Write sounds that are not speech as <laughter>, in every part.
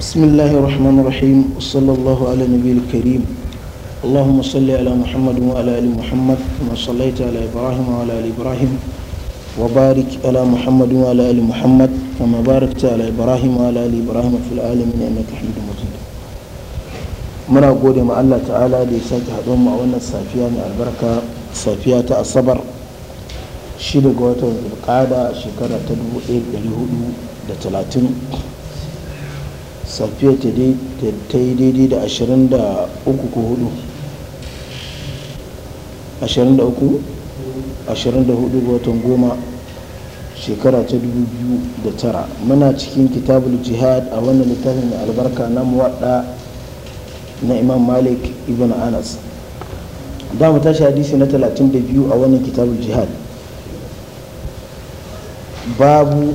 بسم الله الرحمن الرحيم وصلى الله على النبي الكريم اللهم صل على محمد وعلى ال محمد كما صليت على ابراهيم وعلى ال ابراهيم وبارك على محمد وعلى ال محمد كما باركت على ابراهيم وعلى ال ابراهيم في العالمين انك حميد مجيد muna gode ma Allah ta'ala da ya sake haɗon mu a wannan safiya mai albarka safiya ta asabar shi daga watan zulkada shekara ta 1430 safiya ta yi daidai da 23 ko 4 23 24 ga watan goma shekara ta 2009 muna cikin kitabul jihad a wannan littafin mai albarka na muwadda na imam malik ibn anas da mu tashi hadisi na 32 a wannan kitabul jihad babu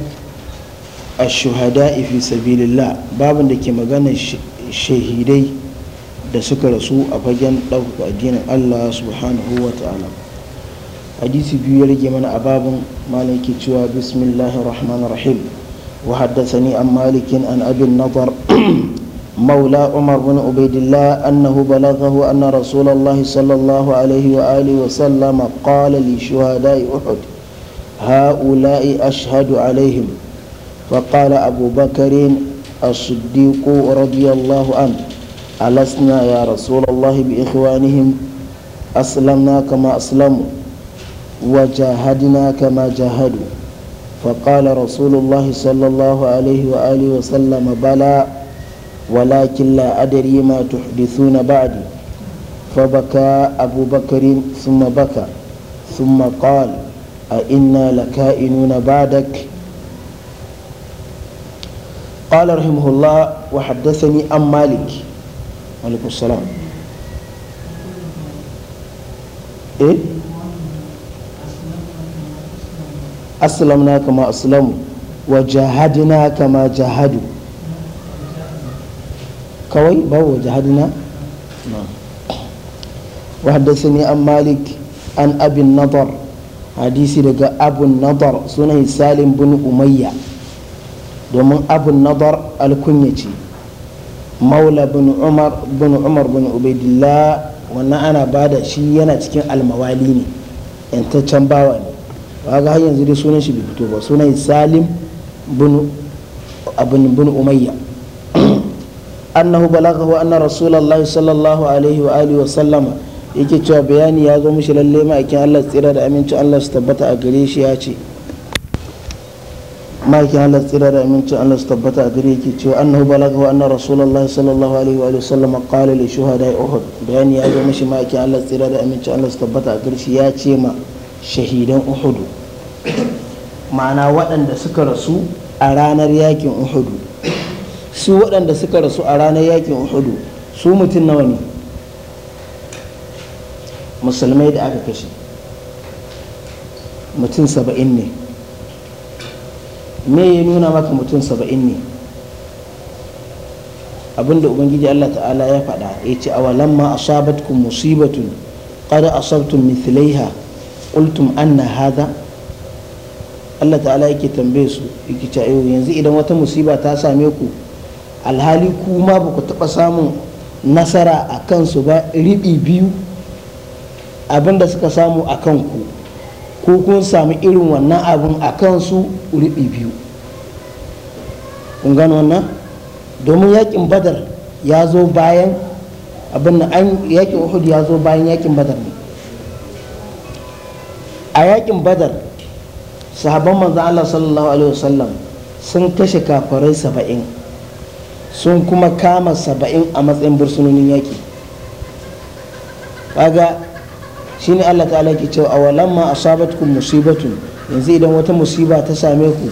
ashuhada fi sabilillah babin da ke magana shahidai da suka rasu a fagen ɗaukaka addinin Allah subhanahu wa ta'ala hadisi biyu ya rage mana a babin malam ke cewa bismillahir rahmanir rahim وحدثني an مالك an abin النضر <clears throat> مولى عمر بن عبيد الله أنه بلغه أن رسول الله صلى الله عليه وآله وسلم قال لشهداء أحد هؤلاء أشهد عليهم وقال أبو بكر الصديق رضي الله عنه ألسنا يا رسول الله بإخوانهم أسلمنا كما أسلموا وجاهدنا كما جاهدوا فقال رسول الله صلى الله عليه وآله وسلم بلى ولكن لا أدري ما تحدثون بعدي فبكى أبو بكر ثم بكى ثم قال أئنا لكائنون بعدك قال رحمه الله وحدثني عن مالك عليكم السلام إيه أسلمنا كما أسلموا وجاهدنا كما جاهدوا كوي بو وجاهدنا نعم وحدثني عن مالك عن أبي النضر حديثي لك أبو النضر سنه سالم بن أمية domin abu nadar alkunya ce maula bin umar bin umar bin ubaidillah wannan ana bada shi yana cikin almawali ne yantaccen bawa ne ba ga har yanzu dai sunan shi bai fito ba sunan salim bin abin bin umayya <clears throat> annahu balaghahu anna rasulullahi sallallahu alaihi wa alihi wa sallama yake cewa bayani ya zo mishi lalle ma'aikin Allah tsira da aminci Allah su tabbata a gare shi ya ce ما يكي على الثرار من أن استبت أدريك أنه بلغه أن رسول الله صلى الله عليه وآله وسلم قال لشهداء أحد بأن يا مشي ما يكي على الثرار من أن استبت أدريك يا تيما شهيدا أحد ma'ana waɗanda suka rasu a ranar yakin uhudu su waɗanda suka rasu a ranar yakin uhudu su mutum nawa ne musulmai da aka kashe mutum saba'in ne me ya nuna maka mutum saba'in ne abinda ubangiji Allah ta'ala ya faɗa ya ce awalan ma asabatkum musibatun qad asabtum mithlaiha qultum anna hadha Allah ta'ala yake tambaye su yake yau yanzu idan wata musiba ta same ku alhali ku ma ba ku taɓa samun nasara a kansu ba riɓi biyu abinda suka samu a kanku ko kun samu irin wannan abin a kansu riɓi biyu kun gano wannan domin yakin badar ya zo bayan abin da an yakin uhud ya zo bayan yakin badar ne a yakin badar sahabban manzan Allah sallallahu alaihi wasallam sun kashe kafarai saba'in sun kuma kama saba'in a matsayin bursunonin yaki kaga shine Allah ta'ala ke cewa awalamma asabatkum musibatun yanzu idan wata musiba ta same ku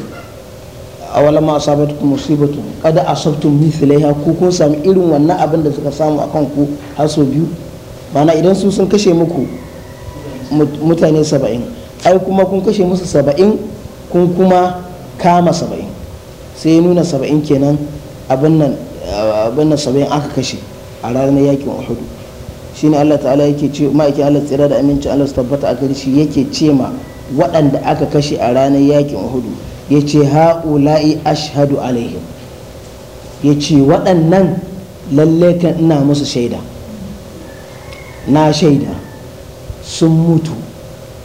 a awalamma asabatkum musibatun qad asabtum mithlaiha ku kun sami irin wannan abin da suka samu akan ku har sau biyu mana idan su sun kashe muku mutane saba'in ai kuma kun kashe musu saba'in kun kuma kama saba'in sai ya nuna saba'in kenan abin nan saba'in aka kashe a ranar yakin uhudu shine Allah ta'ala yake ce ma'aikin Allah tsira da amincin Allah su tabbata a gari shi yake ce ma waɗanda aka kashe a ranar yakin hudu ya ce ha'ula'i ashadu alaihim ya ce waɗannan lallekan kan ina musu shaida na shaida sun mutu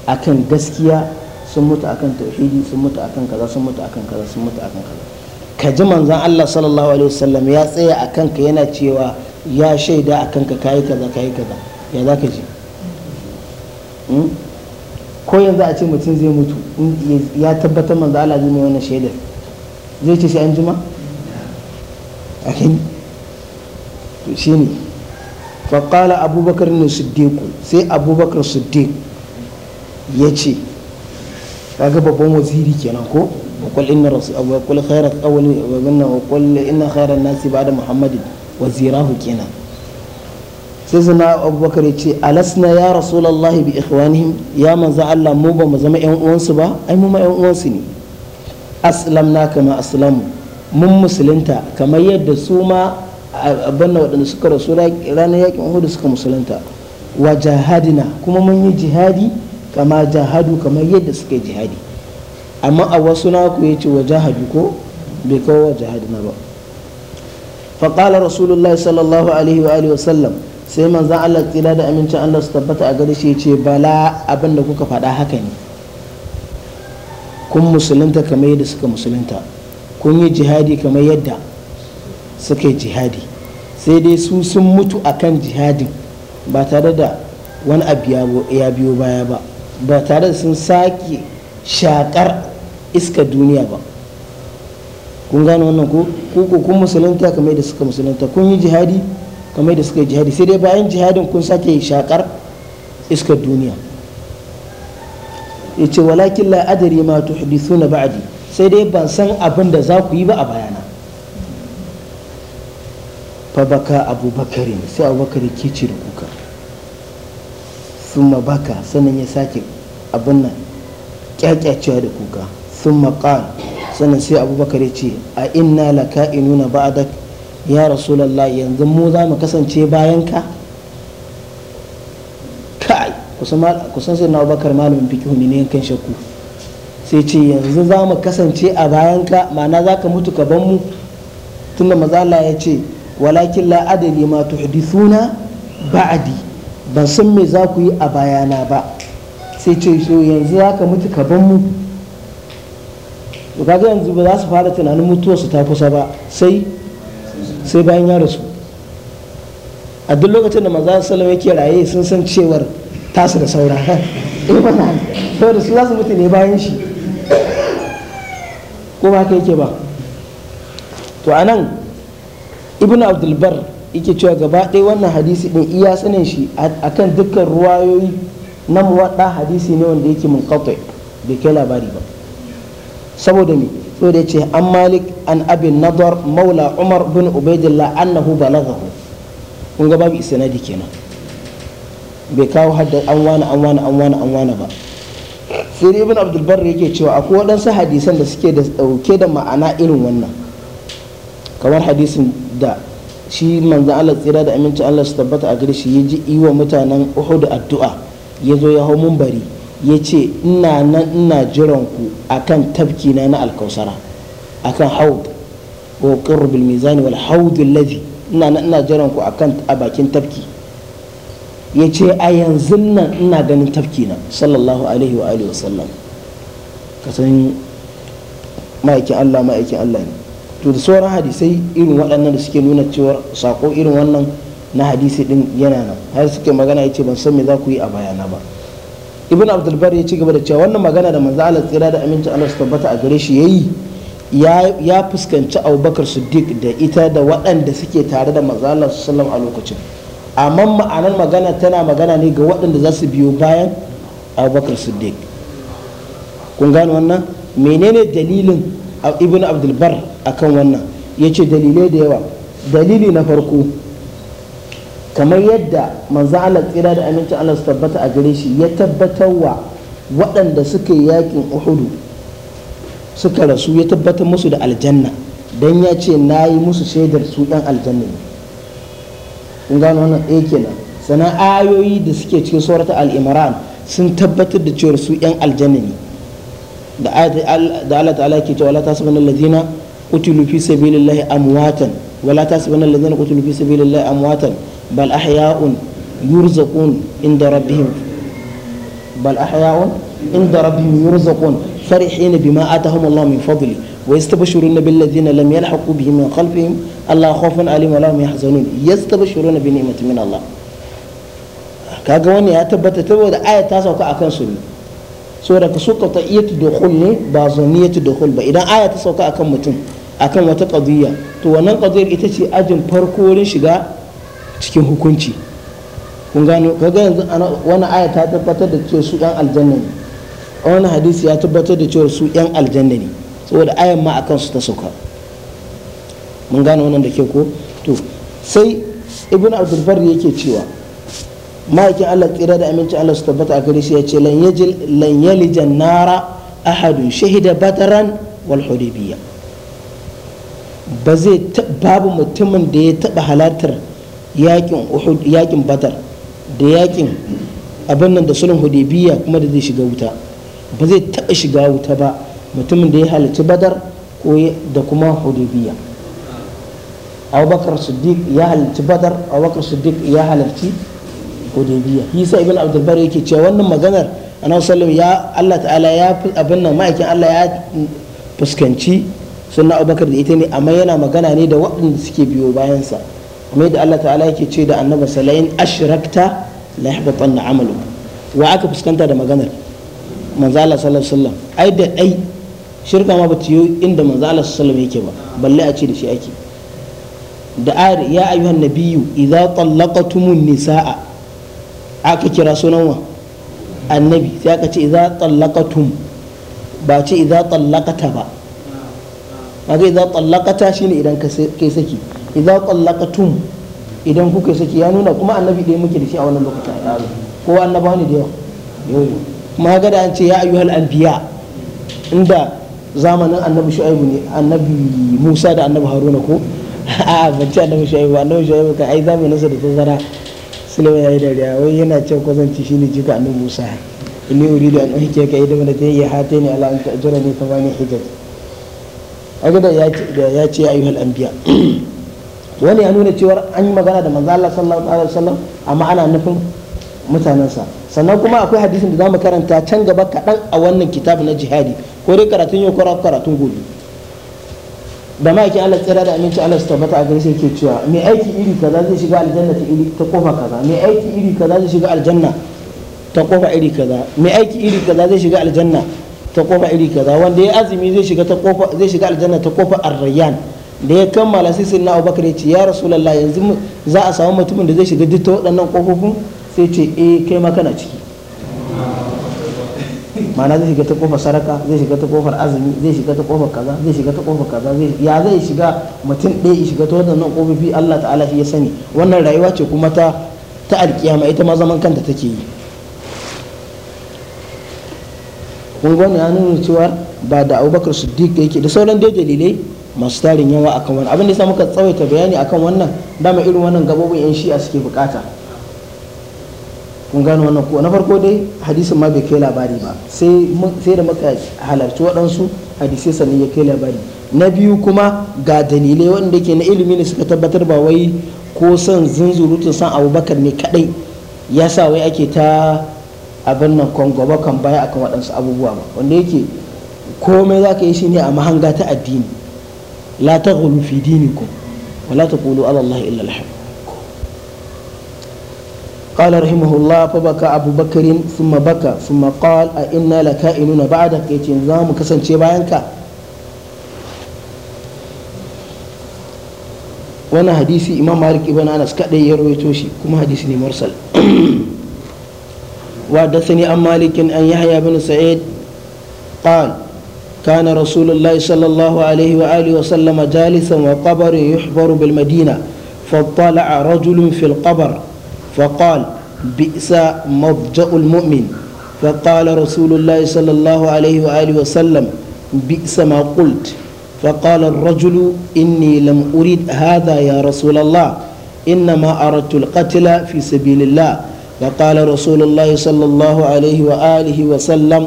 akan gaskiya sun mutu akan tauhidi sun mutu akan kaza sun mutu akan kaza sun mutu akan kaza ka ji manzon Allah sallallahu alaihi wasallam ya tsaya akan ka yana cewa ya shaida a kanka kayi kaza kayi kaza ya za ka ji hmm? ko yanzu a ce mutum zai mutu ya tabbatar manzo Allah zai mai wannan shaidar zai ce sai an jima a hin to shi ne faƙala abubakar ne siddiqu sai abubakar siddiq ya ce kaga babban waziri kenan ko وقل إن رسول وقل خير أول وقل إن nasi ba da muhammadin. wazirahu kenan sai zina abubakar ya ce alasna ya rasulallahi bi ikhwanihim ya manza Allah mu ba mu zama yan uwansu ba ai mu ma yan uwansu ne aslamna kama aslamu mun musulunta kamar yadda su ma abanna waɗanda suka rasu ranar yakin hudu suka musulunta wa jahadina kuma mun yi jihadi kama jahadu kamar yadda suka yi jihadi amma a wasu naku ku ya ce wa jahadu ko bai kawo wa jihadina ba faƙala rasulullahi sallallahu alaihi wa alihi wasallam sai manzan allah tsira da amincin allah su tabbata a gare shi ce bala abin da kuka faɗa haka ne kun musulunta kamar yadda suka musulunta kun yi jihadi kamar yadda suka yi jihadi sai dai su sun mutu akan jihadin ba tare da wani abu ya biyo baya ba ba tare da sun sake shakar iska duniya ba kun gano wannan ku ku kun musulunta kamar da suka musulunta kun yi jihadi kamar da suka yi jihadi sai dai bayan jihadin kun sake shakar iskar duniya ya ce walakin la adari ma suna ba'adi sai dai ban san abin da za ku yi ba a bayana fa baka abubakari sai abubakari ke ce da kuka summa baka sannan ya sake abin nan kyakyacewa da kuka summa qala sannan sai abubakar ya ce a inna laka inuna ba'dak ya rasulallah yanzu mu za mu kasance bayan ka kai kusan sai na abubakar malamin hu ne yankan shakku sai ce yanzu za mu kasance a bayan ka ma'ana za ka mutu ka ban mu tunda mazala ya ce walakin la adali ma tuhdithuna ba'adi ban san me za ku yi a bayana ba sai ce yanzu za ka mutu ka ban mu baka kaga yanzu ba za su fara tunanin su ta kusa ba sai sai bayan ya rasu a duk lokacin da manzo sallallahu yake raye sun san cewar tasu da saura eh ba na su za su mutu ne bayan shi ko ba ka yake ba to anan ibn Abdulbar yake cewa gaba ɗaya wannan hadisi ɗin iya sanin shi a kan dukkan ruwayoyi na muwaɗa hadisi ne wanda yake mun bai kai labari ba saboda me so da ce an malik an abin nadar maula umar bin ubaidillah annahu balagahu kun ga babu isnadi kenan bai kawo hadda an wani an wani an wani an wani ba sai ibn abdul barri yake cewa akwai waɗansu hadisan da suke da dauke da ma'ana irin wannan kamar hadisin da shi manzo Allah tsira da aminci Allah su tabbata a gare shi ya ji iwa mutanen Uhud addu'a ya zo ya hau mumbari ya ce ina nan ina jiran ku akan tafki na na alkausara akan haud wa qurbil mizani wal haudun alladhi ina nan ina jiran ku akan a bakin tafki ya ce a yanzu nan ina ganin tafki na sallallahu alaihi wa alihi wasallam ka san ma'aikin Allah ma'aikin Allah ne to da sauran hadisai irin waɗannan da suke nuna cewa sako irin wannan na hadisi din yana nan har suke magana ya ce ban san me za ku yi a bayana ba ibn abdul bar ya ci gaba da cewa wannan magana da manzo Allah tsira da aminci Allah su tabbata a gare shi yi ya fuskanci Abubakar Siddiq da ita da waɗanda suke tare da manzo Allah sallallahu a lokacin amma ma'anar magana tana magana ne ga waɗanda za su biyo bayan Abubakar Siddiq kun gane wannan menene dalilin ibn abdul bar akan wannan yace dalilai da yawa dalili na farko kamar yadda manzo Allah tsira da amincin Allah su tabbata a gare shi ya tabbatar wa waɗanda suka yi yakin uhudu suka rasu ya tabbatar musu da aljanna dan ya ce na yi musu shaidar su ɗan aljanna ne kun gano wannan ɗaya eh, kenan sannan ayoyi da suke cikin suratul al-imran sun tabbatar da cewar su ɗan aljanna ne da Allah ta'ala ke cewa la tasbana allazina qutilu fi sabilillahi amwatan wala tasbana allazina qutilu fi sabilillahi amwatan bal أحياء يرزقون inda ربهم بل أحياء عند ربهم يرزقون فرحين bima آتهم الله min فضل wa بالذين لم يلحقوا lam من خلفهم min khalfihim Allah ولا هم يحزنون يستبشرون بنعمة من bi Allah kaga wani ya tabbata saboda aya ta sauka akan su ne saboda ka suka ta iya tudukul ne ba zoniyatu dukul ba idan aya ta sauka akan mutum akan wata qadiyya to wannan qadiyar ita ce ajin farko wurin shiga cikin hukunci kun gano kaga yanzu wani aya ta tabbatar da cewa su yan aljanna ne wani hadisi ya tabbatar da cewa su yan aljanna ne saboda ayan ma akan su ta sauka mun gano wannan da ke ko to sai ibn abdulbar yake cewa ma'aikin allah tsira da amincin allah su tabbata a gare shi ya ce lan yalijan nara ahadun shahida bataran wal hudibiyya ba zai babu mutumin da ya taba halartar yakin uhud yakin badar da yakin abin nan da sulhun hudaybiya kuma da zai shiga wuta ba zai taba shiga wuta ba mutumin da ya halarci badar ko da kuma hudaybiya abubakar siddiq ya halarci badar abubakar siddiq ya halarci hudaybiya Isa ibn abdul bar yake cewa wannan maganar annabi sallallahu ya Allah ta'ala ya abin nan ma'aikin Allah ya fuskanci sunna abubakar da ita ne amma yana magana ne da waɗanda suke biyo bayansa kuma yadda Allah ta'ala yake ce da annaba salayin ashrakta la na amalu wa aka fuskanta da maganar manzala Allah sallallahu alaihi ai da ai shirka ma bata yi inda Manzala Allah sallallahu yake ba balle a ce da shi ake da ayar ya ayyuhan nabiyyu idza tallaqatumun nisaa aka kira sunan wa annabi sai aka ce idza tallaqatum ba ce idza tallaqata ba kaga idza tallaqata shine idan kai saki idza qallaqtum idan kuka saki ya nuna kuma annabi ɗaya muke da shi a wannan lokacin kowa annaba ne da yau kuma ga da an ce ya ayyuhal anbiya inda zamanin annabi shu'aibu ne annabi musa da annabi haruna ko <laughs> a ban ce annabi shu'aibu annabi shu'aibu kai ai nasa da tazara sulaiman ya yi dariya wai yana cewa kwazanci shine jika annabi musa inni uridu an uhike ka idan da ta yi hata ne ala an ta'jura ne fa bani hijaj aga da ya ce ayyuhal anbiya <clears throat> wani ya nuna cewar an yi magana da manzo Allah sallallahu alaihi wasallam amma ana nufin mutanensa sannan kuma akwai hadisin da zamu karanta can gaba kaɗan a wannan kitab na jihadi ko dai karatun yau ko karatun gobe da ma yake Allah tsira da aminci Allah su tabbata a gare shi yake cewa mai aiki iri kaza zai shiga aljanna ta iri ta kofa kaza mai aiki iri kaza zai shiga aljanna ta kofa iri kaza mai aiki iri kaza zai shiga aljanna ta kofa iri kaza wanda ya azumi zai shiga ta kofa zai shiga aljanna ta kofa ar-rayyan da ya kammala sai sai na abubakar ya ce ya rasulallah yanzu za a samu mutumin da zai shiga duk ta waɗannan ƙofofin sai ce eh kai ma kana ciki ma'ana zai shiga ta kofar saraka zai shiga ta kofar azumi zai shiga ta kofar kaza zai shiga ta kofar kaza ya zai shiga mutum ɗaya ya shiga ta waɗannan ƙofofi Allah ta'ala shi ya sani wannan rayuwa ce kuma ta ta alƙiyama ita ma zaman kanta take yi kun gwani ya nuna cewa ba da abubakar siddiq yake da sauran dai dalilai masu tarin yawa akan wani abin da sa muka tsawaita bayani akan wannan dama irin wannan gabobin yan shi'a suke bukata kun gano wannan ko na farko dai hadisin ma bai kai labari ba sai da muka halarci waɗansu hadisai sannan ya kai labari na biyu kuma ga dalilai waɗanda ke na ilimi ne suka tabbatar ba wai ko son zunzurutun san abubakar ne kadai ya sa wai ake ta abin nan kwangwaba kan baya akan waɗansu abubuwa ba wanda yake komai za ka yi shi ne a mahanga ta addini la taghlu fi dinikum wa la taqulu ala Allah illa al-haq قال رحمه الله فبكى أبو بكر ثم بكى ثم قال أئنا لكائنون بعدك يتنظام كسن شبانك وانا حديثي إمام مالك ابن أنس كأدي يروي توشي كما حديثي مرسل وحدثني عن مالك أن يحيى بن سعيد قال كان رسول الله صلى الله عليه وآله وسلم جالسا وقبر يحبر بالمدينة فاطلع رجل في القبر فقال بئس مضجأ المؤمن فقال رسول الله صلى الله عليه وآله وسلم بئس ما قلت فقال الرجل إني لم أريد هذا يا رسول الله إنما أردت القتل في سبيل الله فقال رسول الله صلى الله عليه وآله وسلم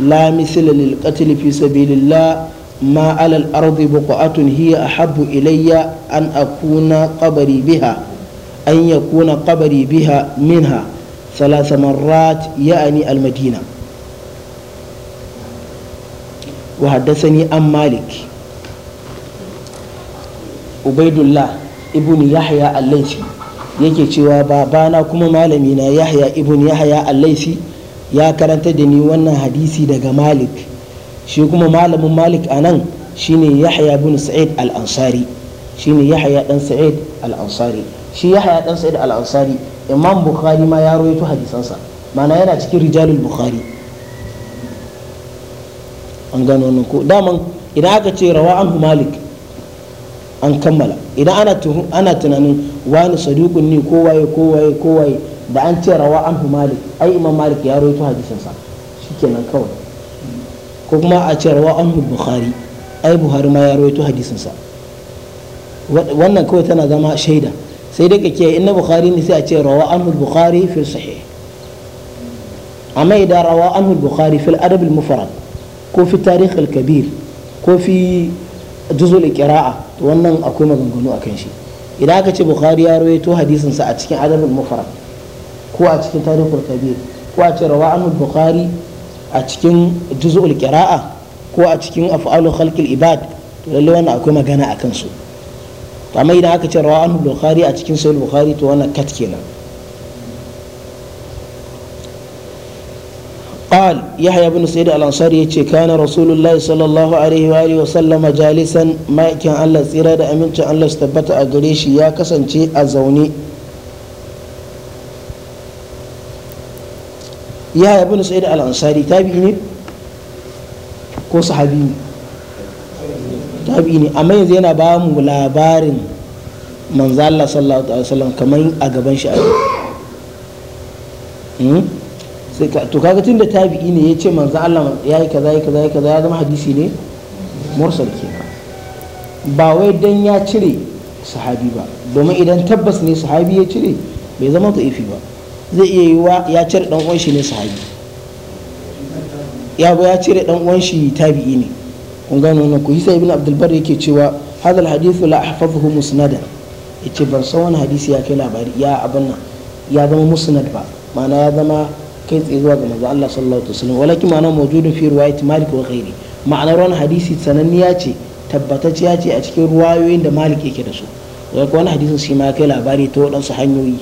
la misila lil katil fi sabilillah ma ala al ard buqatun hiya ahab ilayya an akuna qabri biha an yakuna biha minha thalath marrat ya'ni al madina wa hadathani malik ubaydullah ibnu yahya al yake cewa babana kuma malami na yahya ibnu yahya al ya karanta da ni wannan hadisi daga malik shi kuma malamin malik a nan shine yahya bin sa'id al'ansari ansari shine yahya dan sa'id al'ansari shi yahya dan sa'id al'ansari imam bukhari ma ya rawaito hadisansa mana yana cikin rijalul bukhari an gano wannan ko daman idan aka ce rawa anhu malik an kammala idan ana tunanin wani saduqun ne kowaye kowaye kowaye da an ce rawa an fi malik ai imam malik ya rawaito hadisinsa shikenan kawai ko kuma a ce rawa an fi bukhari ai buhari ma ya rawaito hadisinsa wannan kawai tana zama shaida sai dai ka in na bukhari ne sai a ce rawa an fi bukhari fil sahih amma idan rawa an fi bukhari fil adab al mufrad ko fi tarikh al kabir ko fi juzul qira'a wannan akwai maganganu akan shi idan aka ce bukhari ya rawaito hadisinsa a cikin adab al mufrad ko a cikin tarihul kabir ko a ce rawa anul bukhari a cikin juz'ul qira'a ko a cikin af'alul khalqil ibad to lalle wannan akwai magana akan su to amma idan aka ce rawa anul bukhari a cikin sahih bukhari to wannan kat kenan قال يحيى بن سعيد الأنصاري يتي كان رسول الله صلى الله عليه وآله وسلم جالسا ما كان الله سيرا دا أمين كان الله استبت أغريش يا كسنتي أزوني ya ibn sa'id al-ansari tabi'i ne ko sahabi ne tabi'i ne amma yanzu yana ba mu labarin manzo Allah sallallahu alaihi wasallam kamar a gaban shi sai ka to kaga tunda tabi'i ne ya ce manzo Allah yi kaza ya kaza ya kaza ya zama hadisi ne mursal ke ba wai dan ya cire sahabi ba domin idan tabbas ne sahabi ya cire bai zama ifi ba zai iya yiwuwa ya cire dan uwan shi ne sahabi ya ba ya cire dan uwan shi tabi'i ne kun gano wannan ku isa ibn abdul bar yake cewa hadal hadithu la ahfazuhu musnadan yace ban san wani hadisi ya kai labari ya abin nan ya zama musnad ba ma'ana ya zama kai tsaye zuwa ga manzo Allah sallallahu alaihi wasallam walakin ma'ana mawjudun fi riwayat malik wa ghairi ma'anar wani hadisi sananniya ce ya ce a cikin ruwayoyin da malik yake da su wani hadisin shi ma kai labari ta waɗansu hanyoyi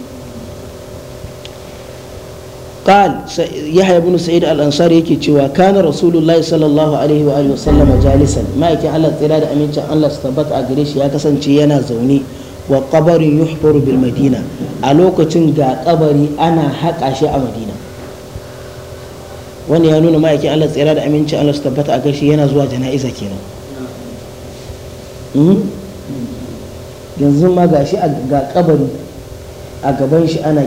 قال يحيى بن سعيد الأنصاري يكي cewa كان رسول الله صلى الله عليه وآله وسلم جالسا ما يكي على تلا دا أمين الله استبت أجريش يا كسن ينا زوني وقبر يحفر بالمدينة ألوك تنجا قبري أنا حق أشياء مدينة وني ya ما يكي على tsira da aminci Allah su tabbata a زوا yana zuwa jana'iza kenan yanzu ma gashi ga kabari a gaban shi ana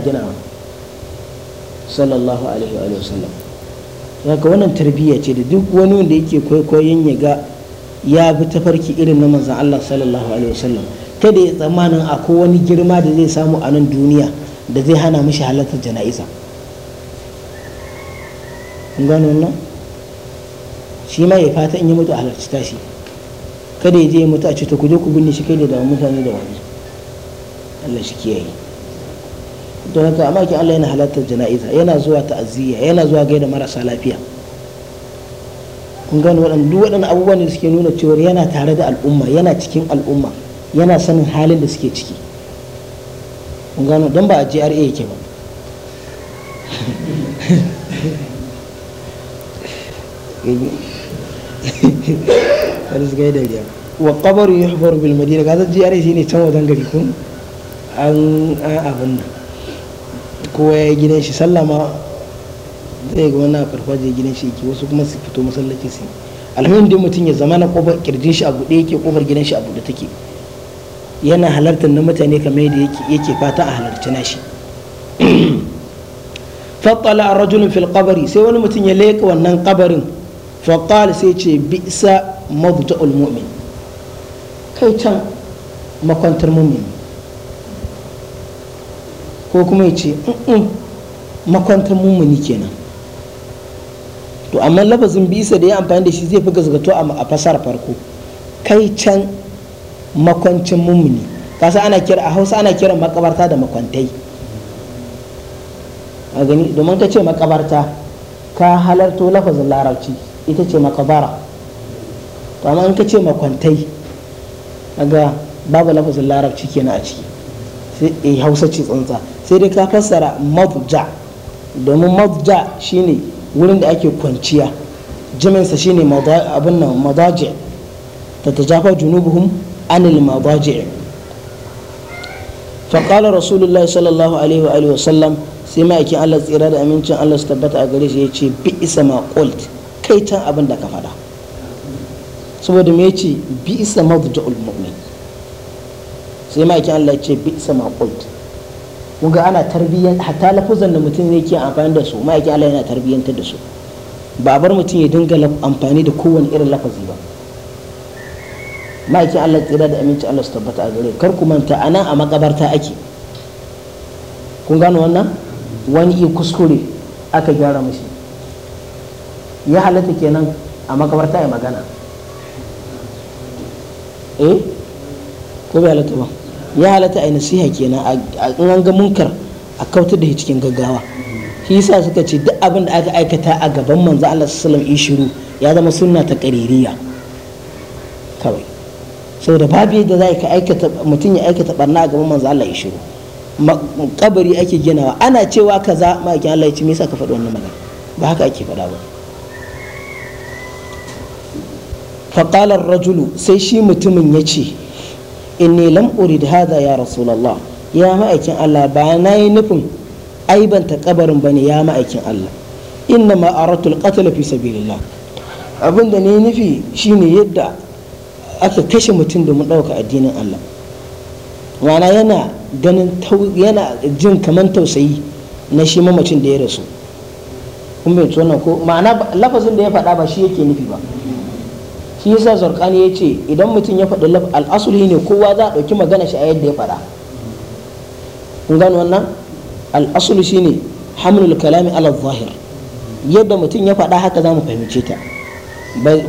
sallallahu alaihi wa sallam ga wannan tarbiyya ce da duk wani wanda yake kwaikwayon ya ga ya bi tafarki irin na manzan Allah sallallahu alaihi sallam. kada ya tsammanin akwai wani girma da zai samu a nan duniya da zai hana mishi halartar jana'iza kun gano wannan shi ma ya fata in ya mutu a halarci tashi kada ya je ya mutu a cuta ku je ku binne shi kai da mutane da wani Allah shi kiyaye don haka amma ki Allah yana halartar jana'iza yana zuwa ta'aziyya yana zuwa gaida marasa lafiya kun gano waɗanda duk waɗannan abubuwan da suke nuna cewa yana tare da al'umma yana cikin al'umma yana sanin halin da suke ciki kun gano don ba a GRA yake ba har su gaida riya wa qabaru yuhbaru bil madina kaza GRA shine can wajen gari kun an abin nan kowa ya gidan shi sallama, zai ga wani farfaje gidan shi yake wasu kuma su fito masallaci su alhamdulillah mutum ya zama na kofar kirjin shi a buɗe yake kofar gidan shi a buɗe take yana halartar na mutane kamar yadda yake fata a halarci shi <clears throat> fattala a rajulun fil kabari sai wani mutum ya leka wannan kabarin fattal sai ce bisa mabuta ulmumin kai can makwantar mumin ko kuma ya ce makwantar mummuni kenan to amma lafazin bisa da ya amfani da shi zai fi gazgato a fasar farko kai can makwancin mummuni kasa ana kira a hausa ana kira makabarta da makwantai a gani domin ka ce makabarta ka halarto lafazin larabci ita ce makabara to amma in ka ce makwantai ga babu lafazin larabci kenan a ciki sai eh, hausa ce tsantsa sai dai ka fassara madja domin madja shine wurin da ake kwanciya jiminsa shine abin nan madaji ta jafa junubuhun anil madaji faƙala rasulullahi sallallahu alaihi wa alihi wasallam sai ma'aikin allah tsira da amincin allah su tabbata a gare shi ya ce bi isa ma ƙult kai can abin da ka faɗa saboda me ce bi isa madaji mu'min sai ma'aikin allah ya ce bi isa ma ƙult kun ga ana tarbiyyar hatta lafuzan da mutum ne ke amfani da su ma'aikin Allah yana tarbiyyantar da su ba bar mutum ya dinga amfani da kowane irin lafazi ba ma'aikin Allah tsira da aminci Allah su tabbata a gare kar ku manta a nan a makabarta ake kun gano wannan wani iya kuskure aka gyara mashi ya halatta kenan a makabarta ya magana eh ko bai halatta ba ya halatta a yi nasiha kenan a an munkar a kautar da cikin gaggawa shi yasa suka ce duk abin da aka aikata a gaban manzo Allah sallallahu alaihi shiru ya zama sunna ta qaririya kawai saboda babu yadda za ka aikata mutum ya aikata barna a gaban manzo Allah ya shiru kabari ake ginawa ana cewa kaza ma ki Allah ya ce me yasa ka faɗi wannan magana ba haka ake faɗa ba faƙalar rajulu sai shi mutumin ya ce inni lam urid hadha ya rasulullah ya ma'aikin Allah ba na yi nufin aibanta kabarin ba ne ya ma'aikin Allah inna ma aratu al fi sabilillah abinda ne nufi shine yadda aka kashe mutum da domin ɗauka addinin Allah ma'ana yana ganin yana jin kaman tausayi na shi mamacin da ya rasu kun bai wannan ko ma'ana lafazin da ya faɗa ba shi yake nufi ba shi yasa zarkani ya ce idan mutum ya faɗi laf al'asuli ne kowa za a ɗauki magana shi a yadda ya faɗa kun gano wannan al'asuli shi ne hamlul kalami ala zahir yadda mutum ya faɗa haka za mu fahimce ta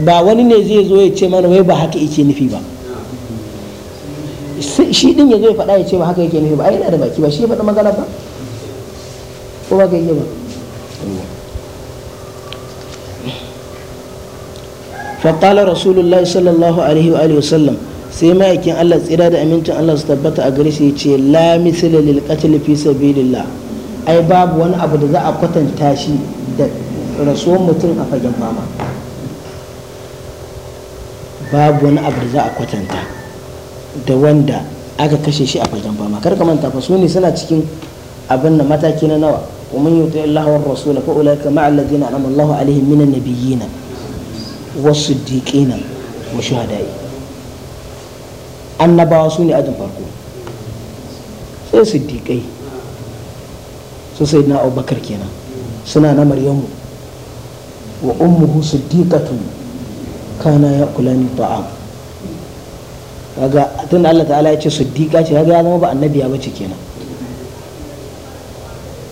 ba wani ne zai zo ya ce mana wai ba haka yake nufi ba shi din ya zo ya faɗa ya ce ba haka yake nufi ba ai yana da baki ba shi ya faɗa magana ba ko ba ka yi ba faƙalar rasulullahi sallallahu alaihi wa wasallam sai ma'aikin allah tsira da amincin allah su tabbata a gare shi ce la misali lil qatl fi sabilillah ai babu wani abu da za a kwatanta shi da rasuwar mutum a fagen fama babu wani abu da za kwatanta da wanda aka kashe shi a fagen fama kar ka manta fa su ne suna cikin abin da mataki na nawa ومن يطع الله والرسول فاولئك مع الذين انعم الله عليهم من النبيين wasu diƙinan wa shahadai annabawa su ne ajin farko sai siddiƙai su sai na abubakar kenan suna na maryamu wa ummuhu siddiqatun kana ya kula ni ta'am kaga tun Allah ta'ala ya ce su diƙa ce kaga ya zama ba annabiya ce kenan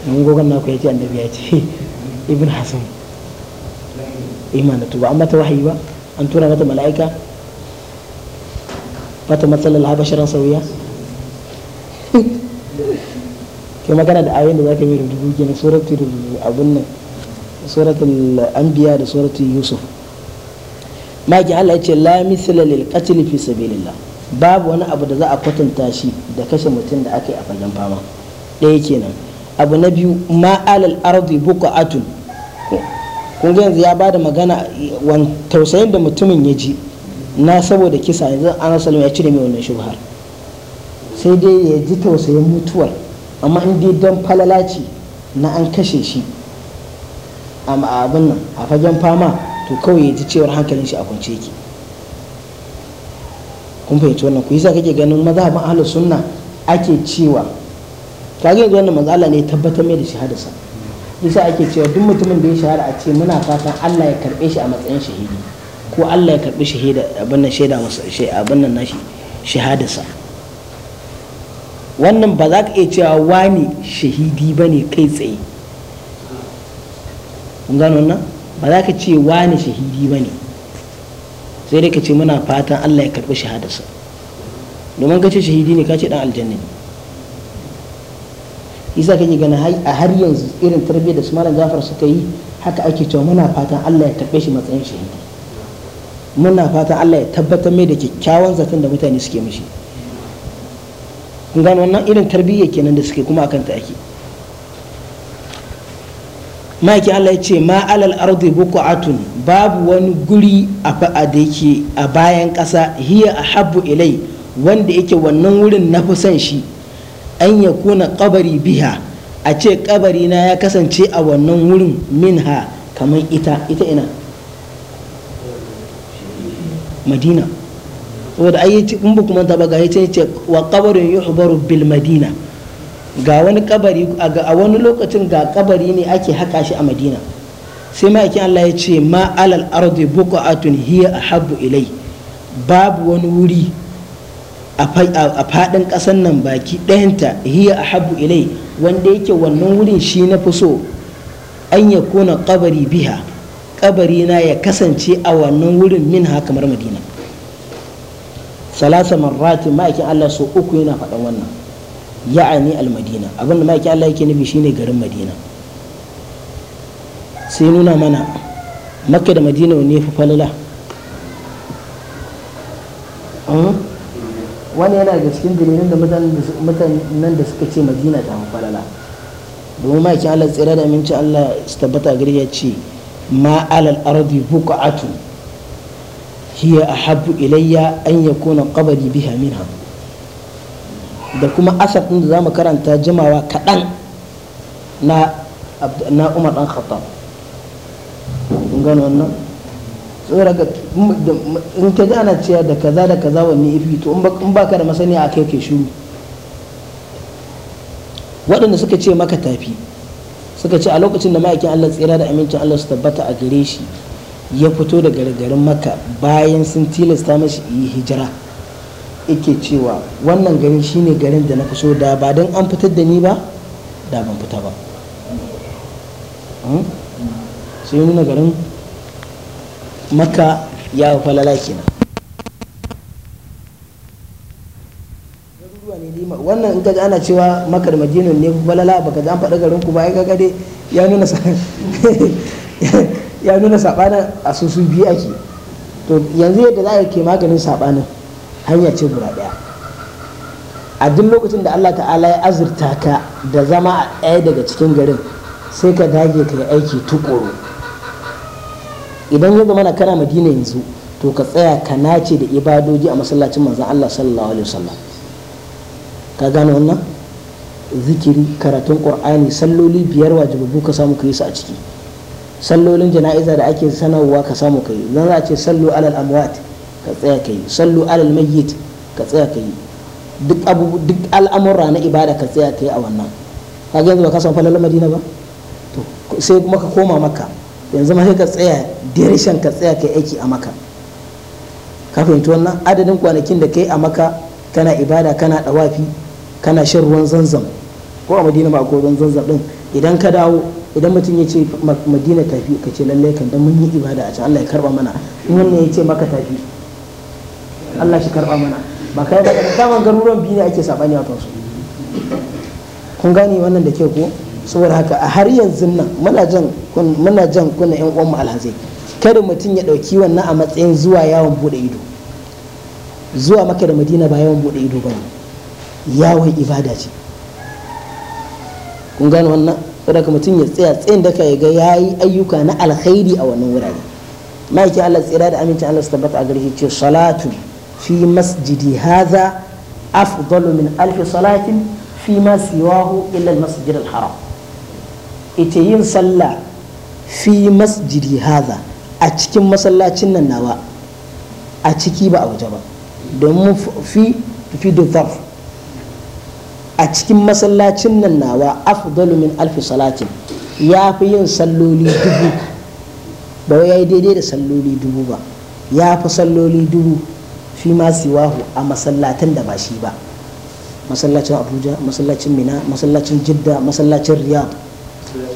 mun gogon na ku ya ce annabiya ce <laughs> ibn hasan imanin tuba ba an mata wahayi ba an tura mata mala'ika fata matsalar habashiran sauya ke magana da ayoyin da za ka yi rubutu kenan suratul abun nan an biya da suratul yusuf maki Allah ya ce la misla lil qatl fi sabilillah babu wani abu da za a kwatanta shi da kashe mutum da aka yi a fagen fama ɗaya kenan abu na biyu ma alal ardi atun. kun ga yanzu ya bada magana wan tausayin da mutumin ya ji na saboda kisa yanzu an salama ya cire mai wannan shubhar sai dai ya ji tausayin mutuwar amma in dai don falala na an kashe shi a abin nan a fagen fama to kawai ya ji cewar hankalin shi a kwance yake kun fahimci wannan ku yasa kake ganin mazhabin ahlus sunna ake cewa kage yanzu wannan manzo Allah ne tabbatar mai da shahadarsa yasa ake cewa duk mutumin da ya shahara a ce muna fatan Allah ya karbe shi a matsayin shahidi ko Allah ya karbi shahida abin nan shaida masa abin nan nashi shahadarsa wannan ba za ka iya cewa wani shahidi ba ne kai tsaye kun gano wannan ba za ka ce wani shahidi ba ne sai dai ka ce muna fatan allah ya karɓi shahadarsa domin ka ce shahidi ne ka ce dan aljanna ne yasa kake gani a har yanzu irin tarbiyyar da su malam Jafar suka yi haka ake cewa muna fatan Allah ya tabbe shi matsayin shahidi muna fatan Allah ya tabbatar mai da kyakkyawan zaton da mutane suke mishi kun gano wannan irin tarbiyya kenan da suke kuma akan ta ake maki Allah ya ce ma alal ardi buqatun babu wani guri a da yake a bayan ƙasa hiya ahabbu ilai wanda yake wannan wurin na fi son shi an ya kuna kabari biha a ce kabari na ya kasance a wannan wurin minha kamar ita ita ina madina saboda ai yace in ba kuma ta ga yace ce wa yi yuhbaru bil madina ga wani kabari a wani lokacin ga kabari ne ake haka shi a madina sai ma'aikin Allah ya ce ma alal ardi buqatun hiya ahabbu ilai babu wani wuri a faɗin ƙasar nan baki ɗayanta hiya a habu ilai wanda yake wannan wurin shi na fi so an ya kona ƙabari biha ƙabari na ya kasance a wannan wurin min ha kamar madina salasa marrati ma'aikin allah so uku yana faɗan wannan ya'ani almadina abinda ma'aikin allah yake nufi shine garin madina sai nuna mana makka da madina ne fi falala hmm? wani yana da cikin dalilin da mutanen da suka ce madina ta falala domin maki allah tsira da aminci allah su tabbata gari ya ce ma alal ardi buqatu hiya ahabbu ilayya an yakuna qabri biha minha da kuma asar da za mu karanta jimawa kaɗan na umar dan khattab gano wannan saboda in ka ji ana cewa da kaza da kaza wanne ifi to in baka da masaniya a kai ke shiru waɗanda suka ce maka tafi suka ce a lokacin da ma'aikin Allah tsira da amincin Allah su tabbata a gare shi ya fito da garin maka bayan sun tilasta mashi yi hijira yake cewa wannan garin shine garin da na fi so da ba don an fitar da ni ba da ban fita ba hmm? sai nuna garin maka ya falala kenan wannan in ana cewa makar madinan ne falala baka ga an faɗi garin ku ba ai kaga ya nuna <laughs> ya a su biyu ake to yanzu yadda za a ke maganin sabanin hanya ce guda ɗaya. a duk lokacin da Allah ta'ala ya azurta ka da zama a ɗaya daga cikin garin sai ka dage ka yi aiki tukuru idan ya zama na kana madina yanzu to ka tsaya ka nace da ibadoji a masallacin manzan Allah sallallahu alaihi wasallam ka gane wannan zikiri karatun qur'ani salloli biyar wajibu ka samu kai su a ciki sallolin jana'iza da ake sanarwa ka samu kai nan za a ce sallu alal amwat ka tsaya kai sallu alal mayyit ka tsaya kai duk abu duk al'amura na ibada ka tsaya kai a wannan kaga yanzu ba ka san falalar madina ba to sai kuma ka koma makka yanzu ma sai ka tsaya dirishan ka tsaya kai aiki a maka ka fahimci wannan adadin kwanakin da kai a maka kana ibada kana dawafi kana shan ruwan zanzam ko a madina ba ko ruwan zanzam din idan ka dawo idan mutum ya ce madina tafi ka ce lallai kan dan mun yi ibada a can Allah ya karba mana in wannan ya ce maka tafi Allah shi karba mana ba kai ba kaman garuruwan biyu ne ake sabani a kansu kun gane wannan da ke ko saboda haka a har yanzu nan muna jan muna jan kuna yan uwan mu alhazai kada mutum ya ɗauki wannan a matsayin zuwa yawon bude ido zuwa maka da madina ba yawon bude ido ba yawon ibada ce kun gane wannan saboda ka mutum ya tsaya tsayin da ya ga yayi ayyuka na alkhairi a wannan wurare ma'aikin Allah tsira da amincin Allah su tabbata a gare ce salatu fi masjidi haza afdalu min alfi salatin fi ma siwahu illa al-masjid ita yin sallah fi masjidi haza a cikin masallacin nan nawa a ciki ba a waje ba domin fi fi zarf a cikin masallacin nan nawa afdalu min alfi salatin ya fi yin salloli dubu ba wai yayi daidai da salloli dubu ba ya fi salloli dubu fi ma siwahu a masallatan da ba shi ba masallacin abuja masallacin mina masallacin jidda masallacin riyadh eh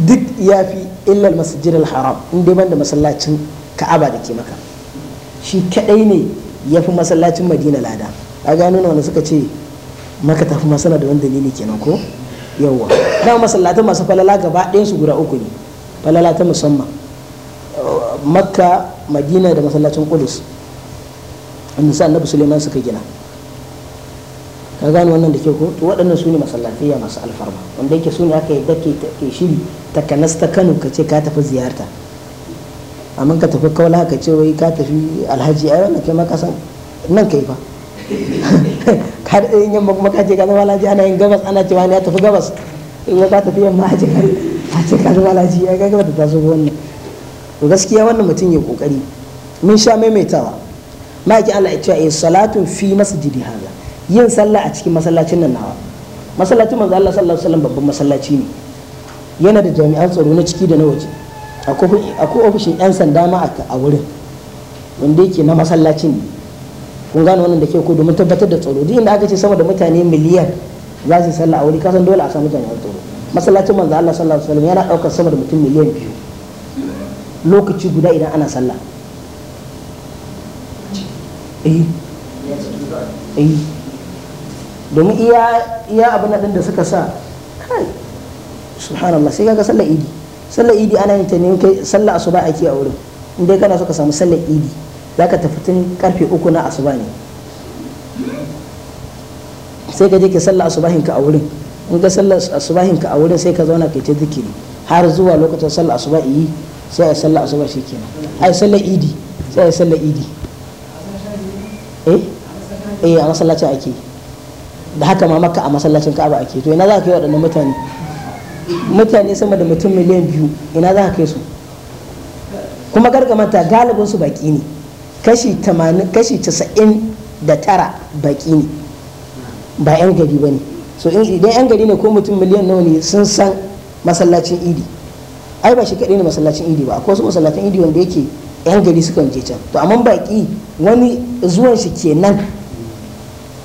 duk ya fi illal masjid haram inda dai banda masallacin ka'aba da ke maka shi kadai ne ya fi masallacin madina lada a gano na wanda suka ce maka tafi masana da wanda ne kenan ko yawwa na masallatan masu falala gaba ɗayan guda uku ne falala ta musamman makka madina da masallacin kudus wanda sa annabi suleiman suka gina ka gane wannan da ke ko to waɗannan su ne masallafiya masu alfarma wanda yake su ne aka yi dake ke shiri kanas ta kano ka ce ka tafi ziyarta amma ka tafi kaula ka ce wai ka tafi alhaji ai wannan kai ma ka san nan kai fa <laughs> kar in yamma kuma ka ce ka zama alhaji ana yin gabas ana cewa ne ya tafi gabas in ka tafi yamma a ce ka zama alhaji ya ka gaba ta taso wannan to gaskiya wannan mutum ya kokari mun sha maimaitawa ma'aikin Allah ya ce eh salatun fi masjidi hada yin sallah a cikin masallacin nan nawa masallacin manzo Allah sallallahu alaihi wasallam babban masallaci ne yana da jami'an tsaro na ciki da na waje akwai ofishin yan sanda ma a wurin wanda yake na masallacin ne kun gane wannan da ke ko domin tabbatar da tsaro duk inda aka ce sama da mutane miliyan za su sallah a wuri kasan dole a samu jami'an tsaro masallacin manzo Allah sallallahu alaihi wasallam yana daukar sama da mutum miliyan biyu lokaci guda idan ana sallah eh eh domin iya iya abin din da suka sa kai subhanallah sai kaga sallar idi sallar idi ana yin ta ne kai sallar asuba ake a wurin indai kana so ka samu sallar idi zaka tafi tun karfe uku na asuba ne sai ka je ka sallar asubahin ka a wurin in ka sallar asubahin ka a wurin sai ka zauna kai ta zikiri har zuwa lokacin sallar asuba yi sai a sallar asuba shi kenan ai sallar idi sai a sallar idi eh eh a masallacin ake da haka ma maka a masallacin ka'aba ake to ina za ka kai waɗannan mutane mutane sama da mutum miliyan biyu ina za ka kai su kuma gargamanta galibin su baki ne kashi 80 kashi 99 baki ne ba 'yan gari ba ne so idan 'yan gari ne ko mutum miliyan nawa ne sun san masallacin idi ai ba shi kaɗai ne masallacin idi ba akwai wasu masallacin idi wanda yake yan gari sukan je can to amma baki wani zuwan shi kenan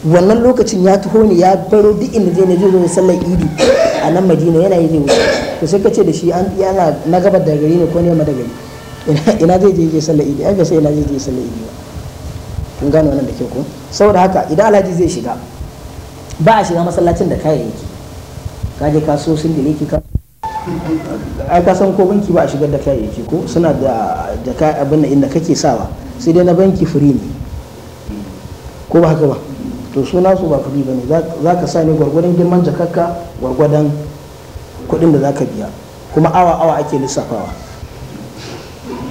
wannan lokacin ya taho ne ya baro duk inda zai ne zai zo sallar idi a nan madina yana yi ne wuce to sai ka ce da shi an yana na gabar da gari ne ko ne da gari ina zai je je sallar idi ai sai ina zai je sallar idi ba kun gane wannan da ke ku saboda haka idan alhaji zai shiga ba a shiga masallacin da kayayyaki kaje je ka so sun da ka ai ka san ko banki ba a shigar da kayayyaki ko suna da jaka abin da inda kake sawa sai dai na banki firi ne ko ba haka ba to suna su ba firi bane za ka sa ne gwargwadon girman jakarka gwargwadon kuɗin da za ka biya kuma awa awa ake lissafawa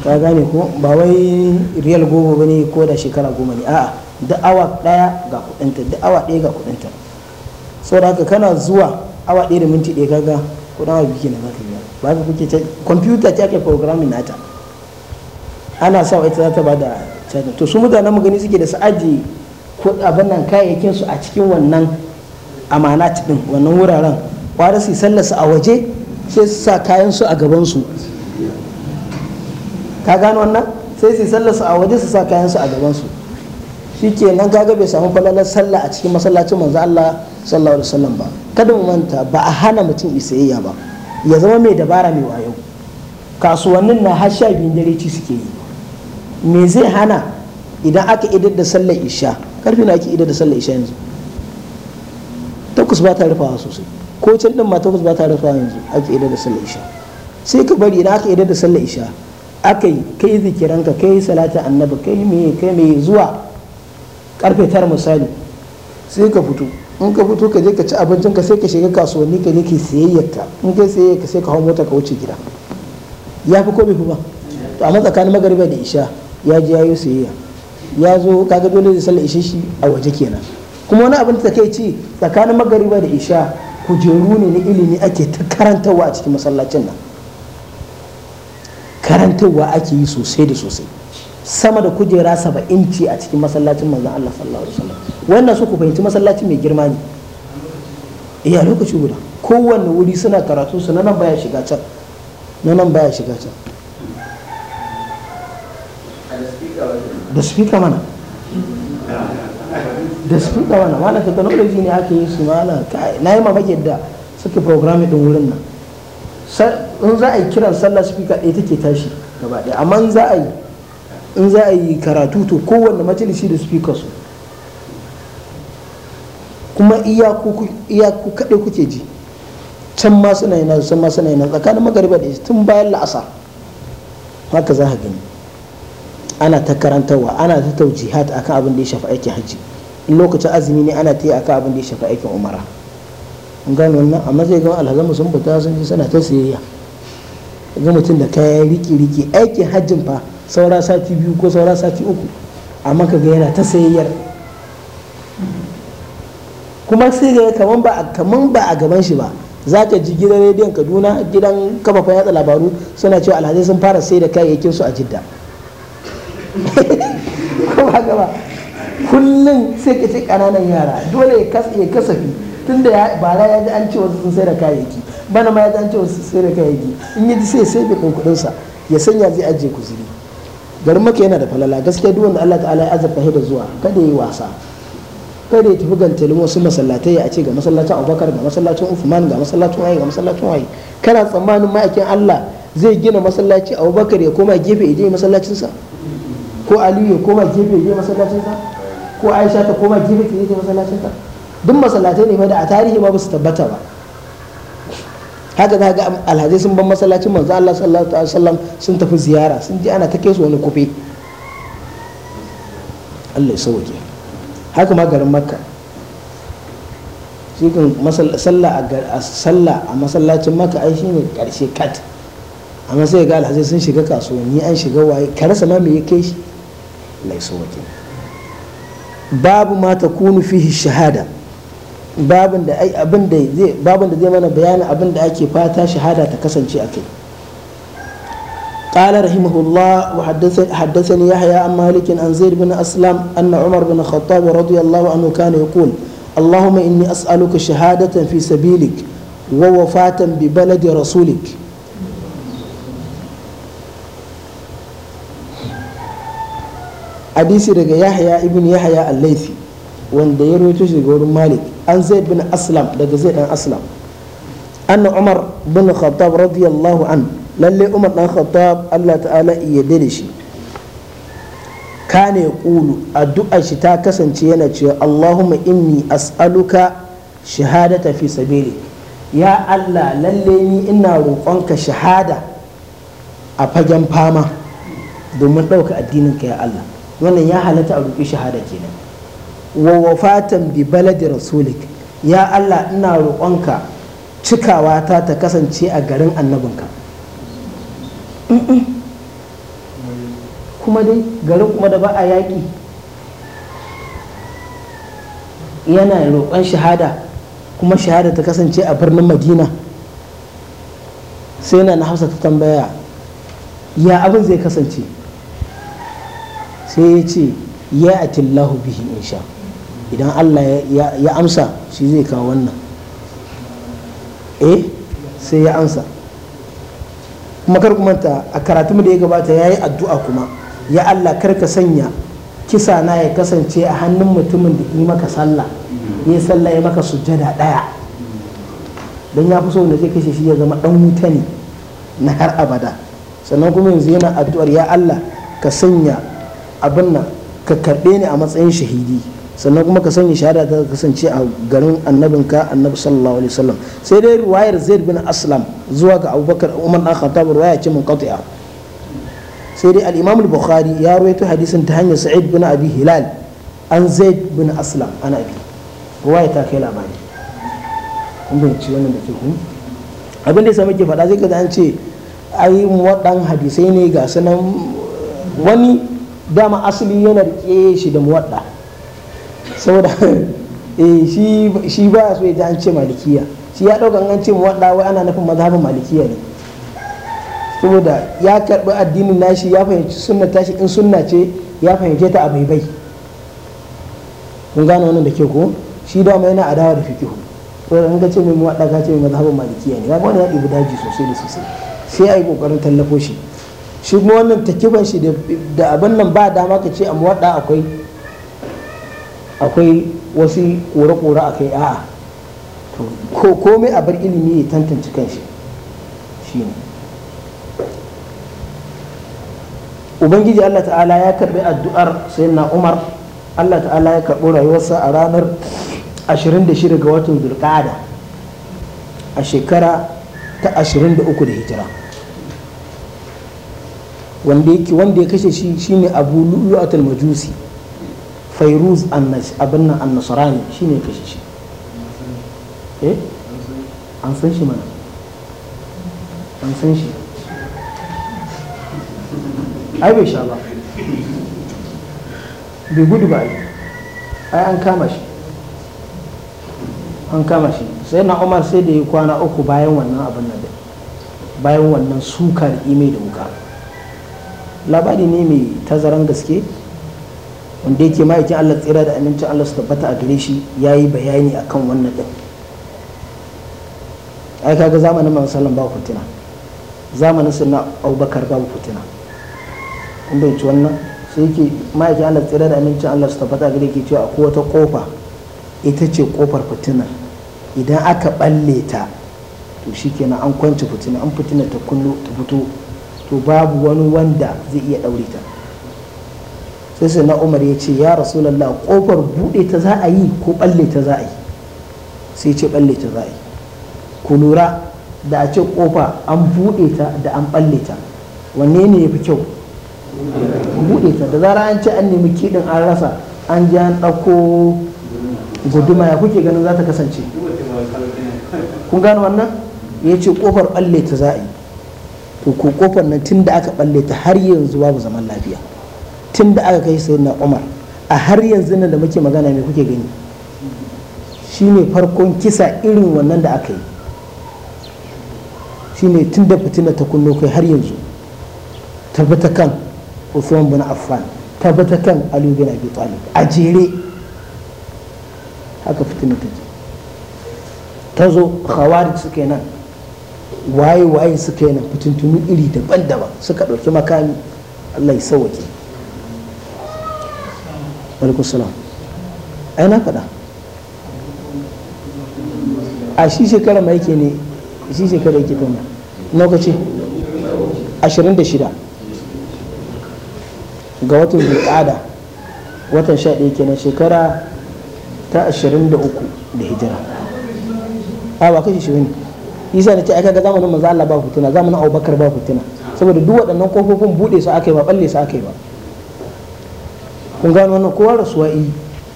ka gane ko ba wai riyal goma ne ko da shekara goma ne a'a da awa ɗaya ga kuɗinta da awa ɗaya ga kuɗinta saboda haka kana zuwa awa ɗaya da minti ɗaya kaga ko dan abu na za ka yi ba ka kuke ta kwamfuta ce ake programming nata ana sa wa ita za ta ba da cajin to su mutanen mu gani suke da su aji ko abin nan kayayyakin su a cikin wannan amana din wannan wuraren kwara su sallar su a waje sai su sa kayan su a gaban su ka gano wannan sai su sallar su a waje su sa kayan su a gaban su Shi ke nan kaga bai samu falalar sallah a cikin masallacin manzo Allah sallallahu alaihi wasallam ba kada mu manta ba a hana mutum isayayya ba ya zama mai dabara mai wayo kasuwannin na har sha biyun dare ci suke yi me zai hana idan aka idar da sallar isha karfi na ake idar da sallar isha yanzu takwas ba ta rufawa sosai ko can din ma takwas ba ta rufawa yanzu ake idar da sallar isha sai ka bari idan aka idar da sallar isha aka yi kai zikiranka kai salata annabi kai me kai me zuwa karfe tara misali sai ka fito in ka fito ka je ka ci abincin ka sai ka shiga kasuwanni ka ke ka in ka siyayyarka sai ka hau mota ka wuce gida ya fi ko fi ba to amma tsakanin magariba da isha ya je ya siyayya ya zo kaga dole zai sallar ishe shi a waje kenan kuma wani abin da kai ci tsakanin magariba da isha kujeru ne na ilimi ake ta karantarwa a cikin masallacin nan karantarwa ake yi sosai da sosai sama da kujera saba inci a cikin masallacin manzan Allah sallallahu alaihi wasallam wannan su ku fahimci masallaci mai girma ne iya eh, lokaci guda kowanne wuri suna karatu su nan baya shiga can nan baya shiga can da speaker mana da speaker mana mana technology ne ake yi su mana na yi mamaki da suke programming din wurin nan in za a yi kiran sallah speaker ɗaya take tashi gaba ɗaya amma za a yi in za a yi karatu to kowanne majalisi da speakers kuma iyaku kaɗai kuke ji can ma suna yana can ma suna yana tsakanin magariba da tun bayan la'asa. haka za ka gani ana ta karantarwa ana ta hata akan abin da ya shafi aikin hajji in lokacin azumi ne ana ta yi akan abin da ya shafi aikin umara in gano wannan amma zai gama alhazan sun fita sun ji suna ta siyayya ga mutum da kaya riki riki aikin hajjin fa saura sati biyu ko saura sati uku amma ga yana ta sayayyar kuma sai ga kaman ba kaman ba a gaban shi ba za ka ji gidan rediyon kaduna gidan kafafen yatsa labaru suna cewa alhazai sun fara sai da kayayyakin su a jidda <laughs> kuma gaba kullum sai ka ce kananan yara dole ya kasafi tunda bara ya ji an ce wasu sun sai da kayayyaki bana ma ya ji an ce wasu sun sai da kayayyaki in ya ji sai sai bi kuɗinsa ya sanya zai ajiye kuzuri garin maka yana da falala gaskiya duk wanda Allah ta'ala ya azurta da zuwa kada yi wasa kada ya tafi gantalin wasu masallatai a ce ga masallacin abubakar ga masallacin ufuman ga masallacin waye ga masallacin waye kana tsammanin ma'aikin Allah zai gina masallaci abubakar ya koma gefe ya je masallacinsa ko aliyu ya koma gefe ya je masallacinsa ko aisha ta koma gefe ta je masallacinta duk masallatai ne ma da a tarihi ma ba su tabbata ba haka za ga alhaji sun ban masallacin manzo Allah sallallahu alaihi wasallam sun tafi ziyara sun ji ana ta su wani kufe Allah ya sauke haka ma garin makka shi kan sallah a masallacin makka ai shine karshe kat amma sai ga alhaji sun shiga kasuwanni an shiga waye ka rasa ma me yake kai shi Allah ya sauke babu ma kunu fihi shahada babin da zai mana bayanin abin da ake fata shahada ta kasance a kai ƙalar himahullah haddasa ne ya haya an malikin an zai aslam an umar bin khatta wa radu yallawa an nuka kul allahumma in ni asaluka shahadatan fi sabilik wa wa fatan bi hadisi daga ya ibin ibini ya haya laifi wanda ya rawaito shi daga wurin malik an zai bin aslam daga zai dan aslam anna umar bin khattab radiyallahu an lalle umar dan khattab Allah ta'ala iya dare shi Kane Kulu addu'a shi ta kasance yana cewa Allahumma inni as'aluka shahadata fi sabili ya Allah lalle ni ina roƙonka shahada a fagen fama domin ɗauka ka ya Allah wannan ya halatta a roƙi shahada kenan wa wafatan bi baladi rasulik ya Allah ina roƙonka cikawa ta ta kasance a garin annabinka kuma dai garin kuma da ba a yaƙi yana roƙon shahada kuma shahada ta kasance a birnin madina sai na na hausa ta tambaya ya abin zai kasance sai ya ce ya atillahu bihi insha idan Allah ya amsa shi zai kawo wannan eh sai ya amsa kuma kar kuma ta a karatunmu da ya gabata ya yi addu'a kuma ya Allah kar ka sanya kisa na ya kasance a hannun mutumin da yi maka sallah ya sallah ya maka sujjada ɗaya don ya fi so da zai kashe shi ya zama ɗan wuta ne na har abada sannan kuma yanzu yana addu'ar ya Allah ka sanya abin nan ka karɓe ni a matsayin shahidi sannan kuma ka sanya shahada ta kasance a garin annabinka annabi sallallahu alaihi wasallam sai dai ruwayar zaid bin aslam zuwa ga abubakar umar dan khattab ruwaya ce mun munqati'a sai dai al-imam al-bukhari ya rawaito hadisin ta hanyar sa'id bin abi hilal an zaid bin aslam ana abi ruwaya ta kai labari kun bayyana wannan da ke kun abin da yasa ke faɗa zai kaza an ce ai waɗan hadisai ne ga sanan wani dama asali yana rike shi da muwadda saboda <laughs> eh, shi ba a so ya an ce malikiya shi ya ɗauka an ce waɗa wai ana nufin mazhabin malikiya ne saboda ya karɓi addinin nashi ya fahimci sunna tashi in sunna ce ya fahimce ta a bai kun gane wannan da ke ko shi mai yana adawa da fikihu ko an ga ce mai muwadda ka ce mai mazhabin malikiya ne ga wani ya dibi daji sosai da sosai sai yi kokarin tallafo shi shi kuma wannan takiban shi da abin nan ba dama ka ce a muwadda akwai akwai wasu kore-kore a kai a'a ko komai a bar ilimi ya tantance kanshi shi ne ubangiji allah ta'ala ya karbi addu'ar sai na umar allah ta'ala ya karbi rayuwarsa a ranar 26 ga watan zulqa'ada a shekara ta 23 da hijira wanda ya kashe shi shine abu lu'lu'atul majusi fairuz abin nan ne shi ne kashe shi eh an san shi mana an san shi ai bai sha ba bai gudu ba ai an kama shi an kama shi sai na umar sai da ya kwana uku bayan wannan abin nan bayan wannan sukar imai da wuka labari ne mai tazaran gaske wanda yake ma'aikin Allah tsira da amincin Allah su tabbata a gare shi ya yi bayani a kan wannan ɗin ai kaga zamanin ma musallin babu fitina zamanin sunna abubakar babu fitina kun bai ci wannan sai yake ma'aikin Allah tsira da amincin Allah su tabbata a gare ke cewa akwai wata kofa ita ce kofar fitina idan aka balle ta to shikenan an kwance fitina an fitina ta kullu ta fito to babu wani wanda zai iya ɗaure ta sai sai na umar ya ce ya rasulallah kofar bude ta za a yi ko balle ta za a yi sai ce balle ta za a yi ku lura da a ce kofa an bude ta da an balle ta wanne ne ya fi kyau bude ta da zara an ce an nemi kidin an rasa an ji an ɗauko guduma ya kuke ganin za ta kasance kun gano wannan ya ce kofar balle ta za a yi ko kofar nan tun da aka balle ta har yanzu babu zaman lafiya tun da aka kai na umar a har yanzu nan da muke magana mai kuke gani shine farkon kisa irin wannan da aka yi Shi ne tun da fitina ta kunno kai har yanzu tabbata kan usman bin Affan tabbata kan Ali bin Abi Talib a jere haka fitina ta ta zo khawarij suke nan waye waye suka yi nan fitintunu iri daban-daban suka ɗauki makami Allah ya sauwake alaikun salam ai na faɗa a shi shekara ma ke ne shi shekara yake kuma lokaci 26 ga watan zulƙada watan 11 kenan shekara ta 23 da hijira a ba kashi shi wani isa da ce aika ga zamanin manzo Allah ba fitina zamanin Abubakar ba fitina saboda duk waɗannan kofofin buɗe su aka yi ba balle su aka yi ba kun gano wannan kowa rasuwa yi eh,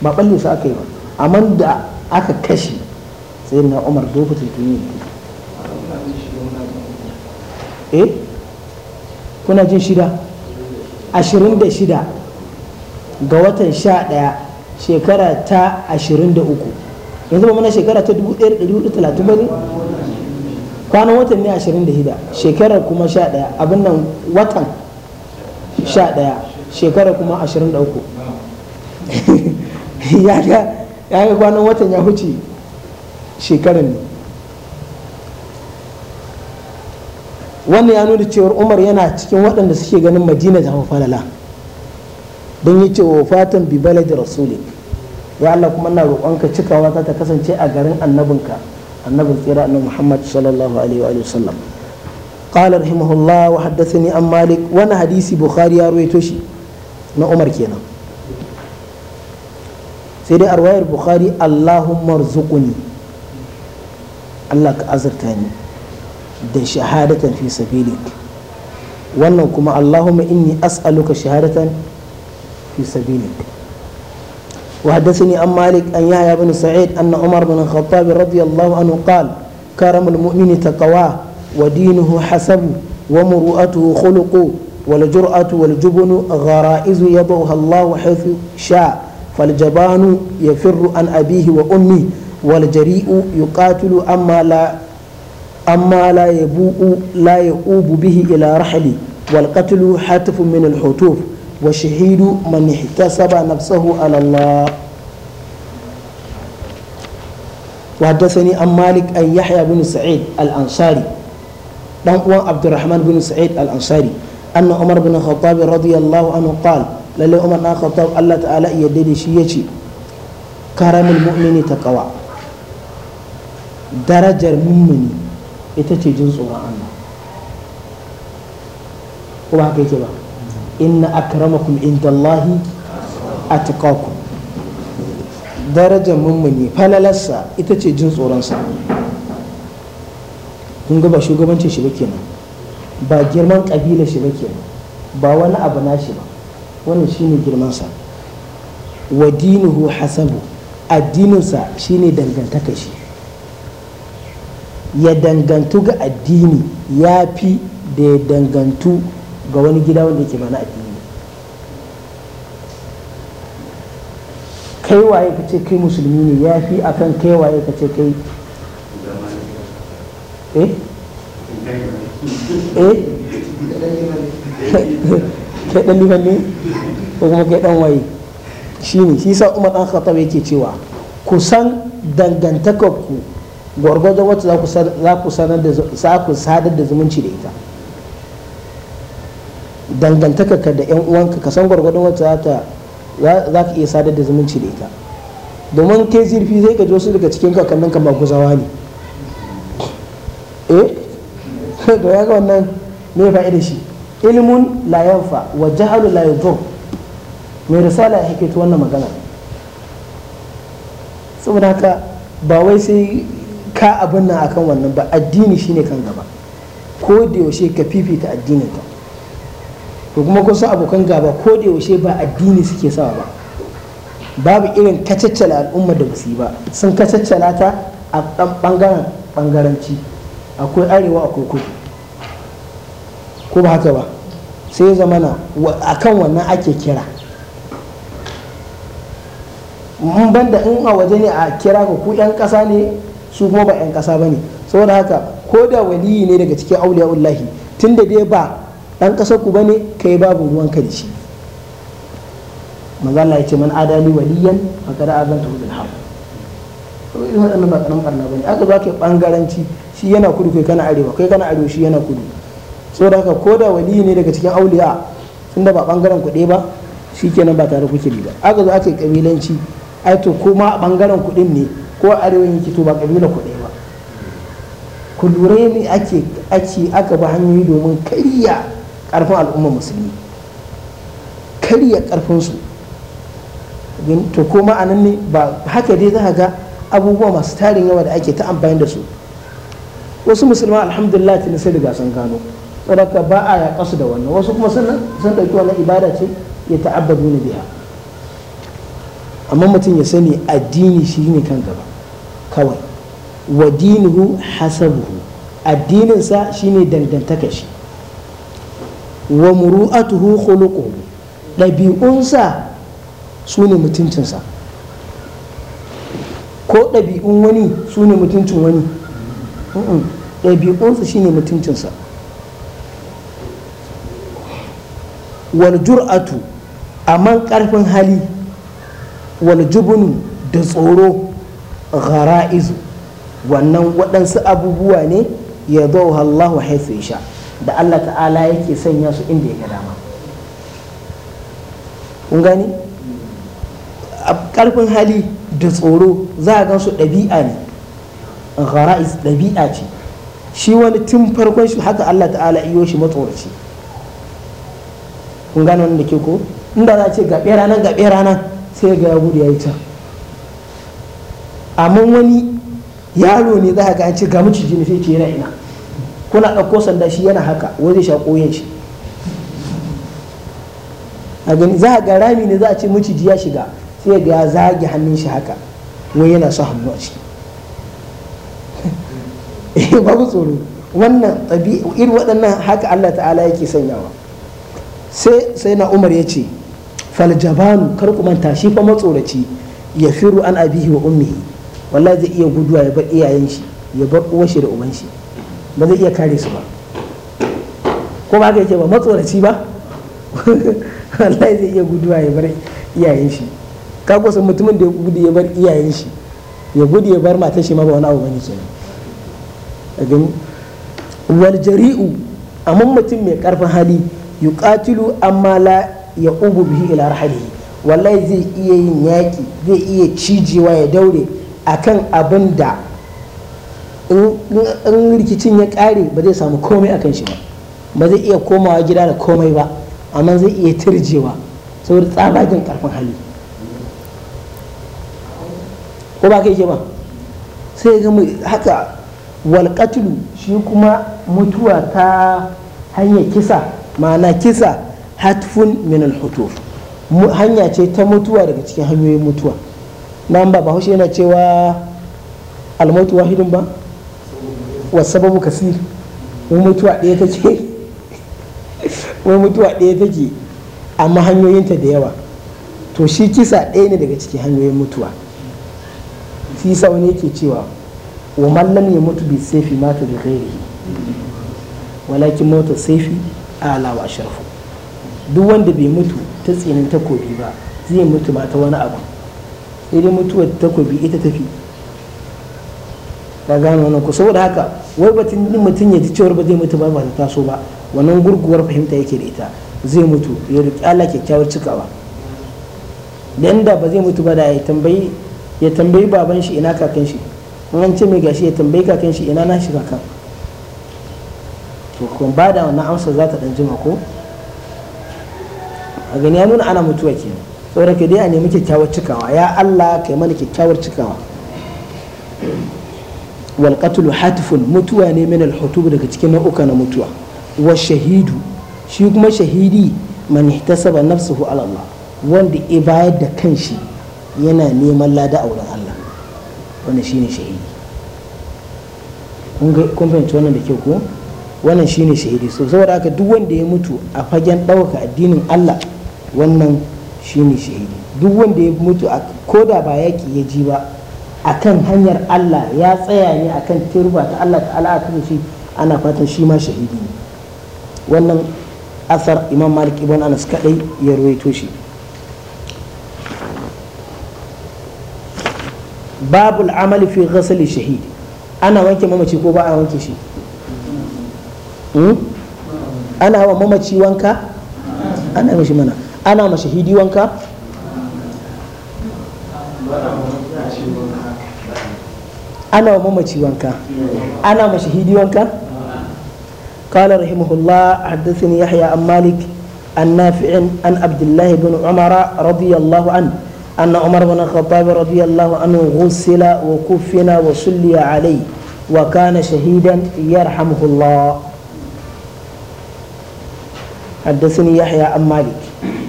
ba balle su aka yi ba amma da aka kashe sai na umar dofa tuni eh kuna jin shida ashirin da shida ga watan sha ɗaya shekara ta ashirin da uku yanzu ba mana shekara ta dubu ɗaya da dubu talatin ba ne kwanan watan ne ashirin da shida shekarar kuma sha ɗaya abin nan watan sha ɗaya shekarar kuma ashirin da uku <laughs> ya ga kwanan watan ya huce shekarar ne wannan ya nuna cewar umar yana cikin waɗanda suke ganin madina ta falala don yi cewa fatan bi da rasuli ya Allah kuma na roƙonka cikawa za ta kasance a garin annabinka annabin tsira annabi Muhammad sallallahu alaihi wa sallam قال رحمه الله وحدثني عن مالك وانا حديث بخاري يروي toshi na umar kenan sai dai arwayar bukhari allahumma rzuquni Allah ka azurta ni da shahadatan fi sabilik wannan kuma allahumma inni as'aluka shahadatan fi sabilik وحدثني عن مالك أن يحيى بن سعيد أن عمر بن الخطاب رضي الله عنه قال كرم المؤمن تقواه ودينه حسبه ومروءته خلقه والجرأة والجبن غرائز يضعها الله حيث شاء فالجبان يفر عن أبيه وأمه والجريء يقاتل أما لا أما لا يبوء لا يؤوب به إلى رحلي والقتل حتف من الحتوف والشهيد من احتسب نفسه على الله وحدثني عن مالك أن يحيى بن سعيد الأنصاري دان عبد الرحمن بن سعيد الأنصاري أن عمر بن الخطاب رضي الله عنه قال Lallai umar na khattab Allah ta'ala ya ce, shi yace karamul mu'mini kawa darajar mummuni ita ce jin tsoron Allah kuma haka yake ba inna akramakum indallahi atqakum darajar mummuni falalarsa ita ce jin tsoronsa kun ga ba shugabancin shi ba kenan ba girman kabila shi ba kenan ba wani abu na shi ba wannan shine girmansa wa dinuhu hasabu addininsa shine dangantaka shi ya dangantu ga addini ya fi da ya dangantu ga wani gida wanda yake mana addini kai waye ka ce kai musulmi ne ya fi a kan kai waye ka ce kai eh <laughs> <laughs> kai dan liban ne ko kuma kai dan waye shine shi sa Umar dan Khattab yake cewa ku san dangantakar ku gwargwadon wacce za ku sanar da za ku sadar da zumunci da ita dangantakar ka da yan uwanka ka san gwargwadon wacce za ta za ka iya sadar da zumunci da ita domin kai zirfi zai ka su daga cikin kakannin ka zawa ne eh <laughs> to ya ga wannan me fa'ida shi ilmun la yanfa wa jahalu la yadur mai risala ya wannan magana saboda haka ba wai sai ka abin nan akan wannan ba addini shine kan gaba ko da yaushe ka fifita addinin ka to kuma kusa abokan gaba ko da yaushe ba addini suke sawa ba babu irin kacaccala al'umma da basu yi ba sun kacaccala ta a bangaren bangaranci akwai arewa akwai kudu ko ba haka ba sai zama na a kan wannan ake kira mun banda in a waje ne a kira ka ku 'yan ƙasa ne su kuma ba 'yan ƙasa ba ne saboda haka ko da waliyi ne daga cikin auliyaullahi tun da dai ba ɗan ƙasar ku ba ne kai babu ruwan ka da shi maza Allah ya ce man adali waliyan faqad azantu bil harb to irin waɗannan ba karamin ba ne aka zo kai ɓangaranci shi yana kudu kai kana arewa kai kana arewa shi yana kudu da haka ko da wali ne daga cikin auliya da ba bangaren kuɗi ba shikenan ba tare kuke ba aka zo ake kabilanci ai to kuma bangaren kuɗin ne ko arewan yake to ba kabila kuɗi ba ku lura ne ake ake aka ba hanyoyi domin karya karfin al'ummar musulmi karya karfin su to kuma anan ne ba haka dai za ga abubuwa masu tarin yawa da ake ta amfani da su wasu musulman alhamdulillah tuni sai riga sun gano saboda ba a ya kasu da wannan wasu kuma sun sun ɗauki wannan ibada ce ya ta'abbadu ne biya amma mutum ya sani addini shi ne kan gaba kawai wa dinuhu hasabuhu addininsa shine dangantaka shi wa muru'atuhu khuluquhu ɗabi'unsa su ne mutuncinsa ko ɗabi'un wani su mutuncin wani ɗabi'unsa shi ne mutuncinsa wal jur'atu man karfin hali wal jubunu da tsoro ghara'izu wannan waɗansu abubuwa ne ya zo Allah haifu isha da Allah ta'ala yake sanya su inda ya dama kun gani karfin hali da tsoro za a gan su ɗabi'a ne ghara'is ɗabi'a ce shi wani tun farkon shi haka Allah ta'ala iyo shi matsoraci kun gane wanda ke ko inda za a ce gaɓe ranar gaɓe ranar sai ga ya gudu ya yi ta amma wani yaro ne za ga ce ga miciji ne sai ce yana ina kuna ɗauko sanda shi yana haka wani zai shaƙo yin shi a gani za a ga rami ne za a ce miciji ya shiga sai ga ya zage hannun shi haka wai yana sa hannu a ciki <laughs> eh, babu tsoro wannan irin waɗannan haka Allah ta'ala yake sanyawa sai sai na umar ya ce faljabanu kar ku manta shi fa matsoraci ya firu an abihi wa ummihi wallahi zai iya guduwa ya bar iyayen shi ya bar uwar shi da uban shi ba zai iya kare su ba ko ba ka yake ba matsoraci ba <laughs> wallahi zai iya guduwa ya bar iyayen shi ka kusa mutumin da ya gudu ya bar iyayen shi ya gudu ya bar matar shi ma ba wani abu bane kenan wal jari'u amma mutum mai karfin hali yuqatilu amma la ya ubu bihi ila rahalihi wallahi zai iya yin yaki zai iya cijewa ya daure akan abin da in rikicin ya kare ba zai samu komai akan shi ba ba zai iya komawa gida da komai ba amma zai iya turjewa saboda tsabagen karfin hali ko ba kai ke ba sai ga mu haka walƙatulu shi kuma mutuwa ta hanyar kisa ma'ana kisa hatfun min al hutuf hanya ce ta mutuwa daga cikin hanyoyin mutuwa nan ba bahaushe yana cewa al-mautu wahidun ba wa sababu kasir wai mutuwa ɗaya take wai <laughs> mutuwa ɗaya take amma hanyoyinta da yawa to shi kisa ɗaya ne daga cikin hanyoyin mutuwa fi sa wani yake cewa wa mallam ya mutu bi saifi mata da ghairihi walakin mota saifi ala wa sharfu duk wanda bai mutu ta tsinin takobi ba zai mutu ba ta wani abu sai dai mutuwar takobi ita tafi ka gano wannan ku saboda haka wai batun mutum ya ji cewar ba zai mutu ba ba ta taso ba wannan gurguwar fahimta yake da ita zai mutu ya riƙi ala kyakkyawar cikawa da inda ba zai mutu ba da ya tambayi ya tambayi baban shi ina kakan shi an ce mai gashi ya tambayi kakan shi ina na shi kakan to kuma ba da wannan amsa za ta dan jima ko a gani ya nuna ana mutuwa ke saboda ke dai a nemi kyakkyawar cikawa ya Allah kai mana kyakkyawar cikawa wal qatlu hatifun mutuwa ne min al daga cikin nau'uka na mutuwa wa shahidu shi kuma shahidi man ihtasaba nafsuhu ala Allah wanda ya bayar da kanshi yana neman lada a wurin Allah shi shine shahidi kun fahimci wannan da kyau ko wannan shine shahidi so saboda haka duk wanda ya mutu a fagen ɗauka addinin Allah wannan shine shahidi duk wanda ya mutu a koda ba yaƙi ya ji ba akan hanyar Allah ya tsaya ne akan turba ta Allah ta Allah ta shi ana fatan shi ma shahidi ne wannan asar Imam Malik ibn Anas kadai ya ruwaito shi babul amali fi ghasli shahidi ana wanke mamaci ko ba a wanke shi ana wa mamaci wanka ana mishi mana ana ma shahidi wanka ana wa mamaci wanka ana ma shahidi wanka قال رحمه الله حدثني يحيى عن مالك عن نافع عن عبد الله بن عمر رضي الله عنه أن عمر بن الخطاب رضي الله عنه غسل وكفن وصلي عليه وكان شهيدا يرحمه الله حدثني يحيى عن مالك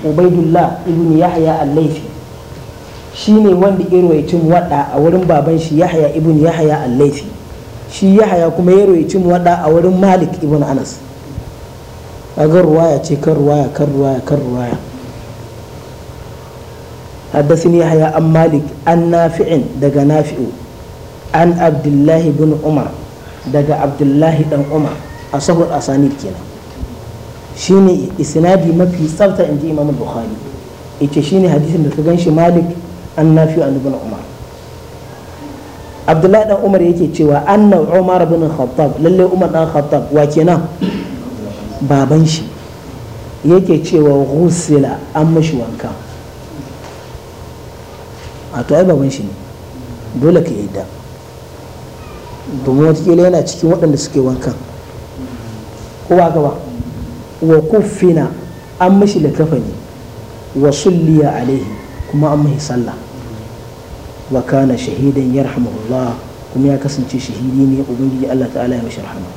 عبيد الله ابن يحيى الليثي shine wanda ya rawaici wada a wurin baban shi Yahya ibn Yahya al-Laythi shi Yahya kuma ya rawaici wada a wurin Malik ibn Anas agar ruwaya ce kan ruwaya kan ruwaya kan ruwaya حدثني يحيى عن مالك عن نافع دغ نافع عن عبد الله بن عمر دغ عبد الله بن عمر أصحاب الأسانيد كنا shine isnadi mafi tsafta in ji imamul bukhari shi shine hadisin da ta ka shi malik an an ibn umar abdullahi dan umar yake cewa anna umar bin khattab lalle umar dan khattab wa kenan baban shi yake cewa ghusila an mashi wanka a to ai baban shi ne dole ka yadda domin watakila yana cikin waɗanda suke wankan kowa gaba wa kuffina an mishi likafani wa sulliya alaihi kuma an mishi sallah wa kana shahidan yarhamuhullah kuma ya kasance shahidi ne ubangiji Allah ta'ala ya mishi rahama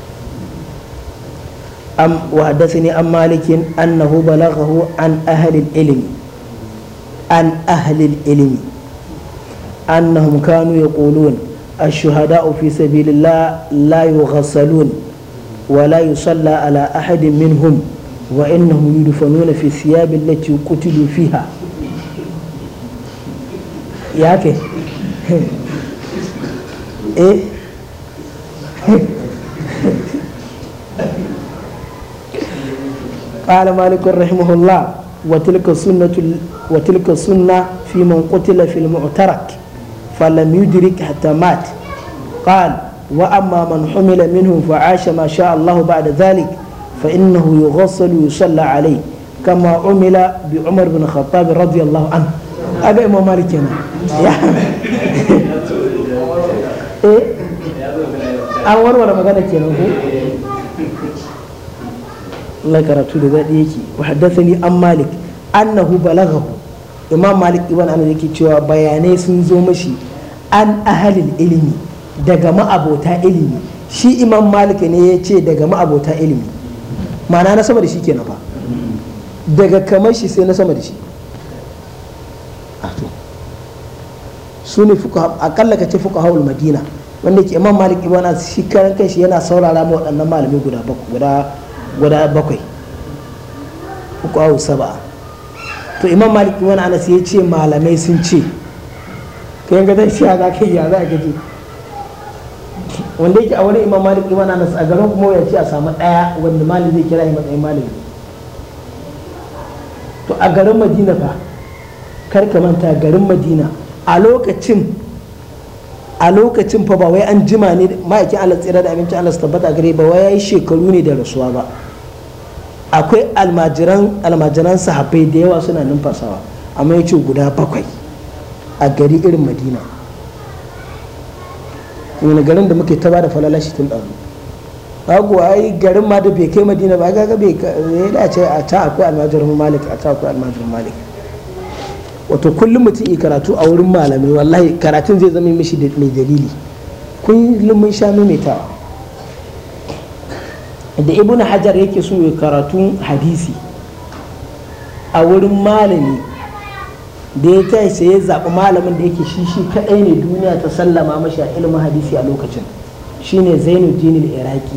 am wa hadathani an malikin annahu balaghahu an ahli ilmi an ahli ilmi annahum kanu yaqulun الشهداء في سبيل الله لا ولا يصلى على أحد منهم وإنهم يدفنون في الثياب التي قتلوا فيها ياك <laughs> إيه <laughs> قال مالك رحمه الله وتلك السنة وتلك السنة في من قتل في المعترك فلم يدرك حتى مات قال وأما من حمل منه فعاش ما شاء الله بعد ذلك فإنه يغسل يصلى عليه كما عمل بعمر بن الخطاب رضي الله عنه أبا إمام مالك هنا إيه أول ولا مغانا كنا الله كرتو ذات يكي وحدثني أم مالك أنه بلغه إمام مالك إبن أنا ذكي تشوى بياني سنزومشي عن أهل العلم daga ma'abota ilimi shi imam malik ne ya ce daga ma'abota ilimi ma'ana na sama da shi kenan fa daga kamar shi sai na sama da shi ah, su ne akalla ka ce fuka haul madina wanda ke imam malik ibn shi karan kai shi yana saurara ma waɗannan malamai guda bakwai Fuka awu saba to imam malik ibn anas ya ce malamai sun ce kai ga dai shi za ka yi ya za ka ji wanda yake a wurin imam malik imam anas a garin kuma ya ce a samu ɗaya wanda malik zai kira matsayin malik to a garin madina fa kar ka manta garin madina a lokacin a lokacin fa ba wai an jima ne ma'aikin allah tsira da abinci allah tabbata gare ba wai ya yi shekaru ne da rasuwa ba akwai almajiran almajiran sahabbai da yawa suna numfasawa amma ya ce guda bakwai a gari irin madina wani garin da muke ta da falala shi tun ɗazu hagu ai garin ma da bai kai madina ba ga bai ya dace a ta akwai almajirin malik a ta akwai almajirin malik wato kullum mutum yi karatu a wurin malamai wallahi karatun zai zama mishi mai dalili kullum mun sha maimaitawa da ibn hajar yake so ya karatu hadisi a wurin malami da ya tashi sai ya zaɓi malamin da yake shi shi kaɗai ne duniya ta sallama mashi a ilimin hadisi a lokacin shine zainuddin iraki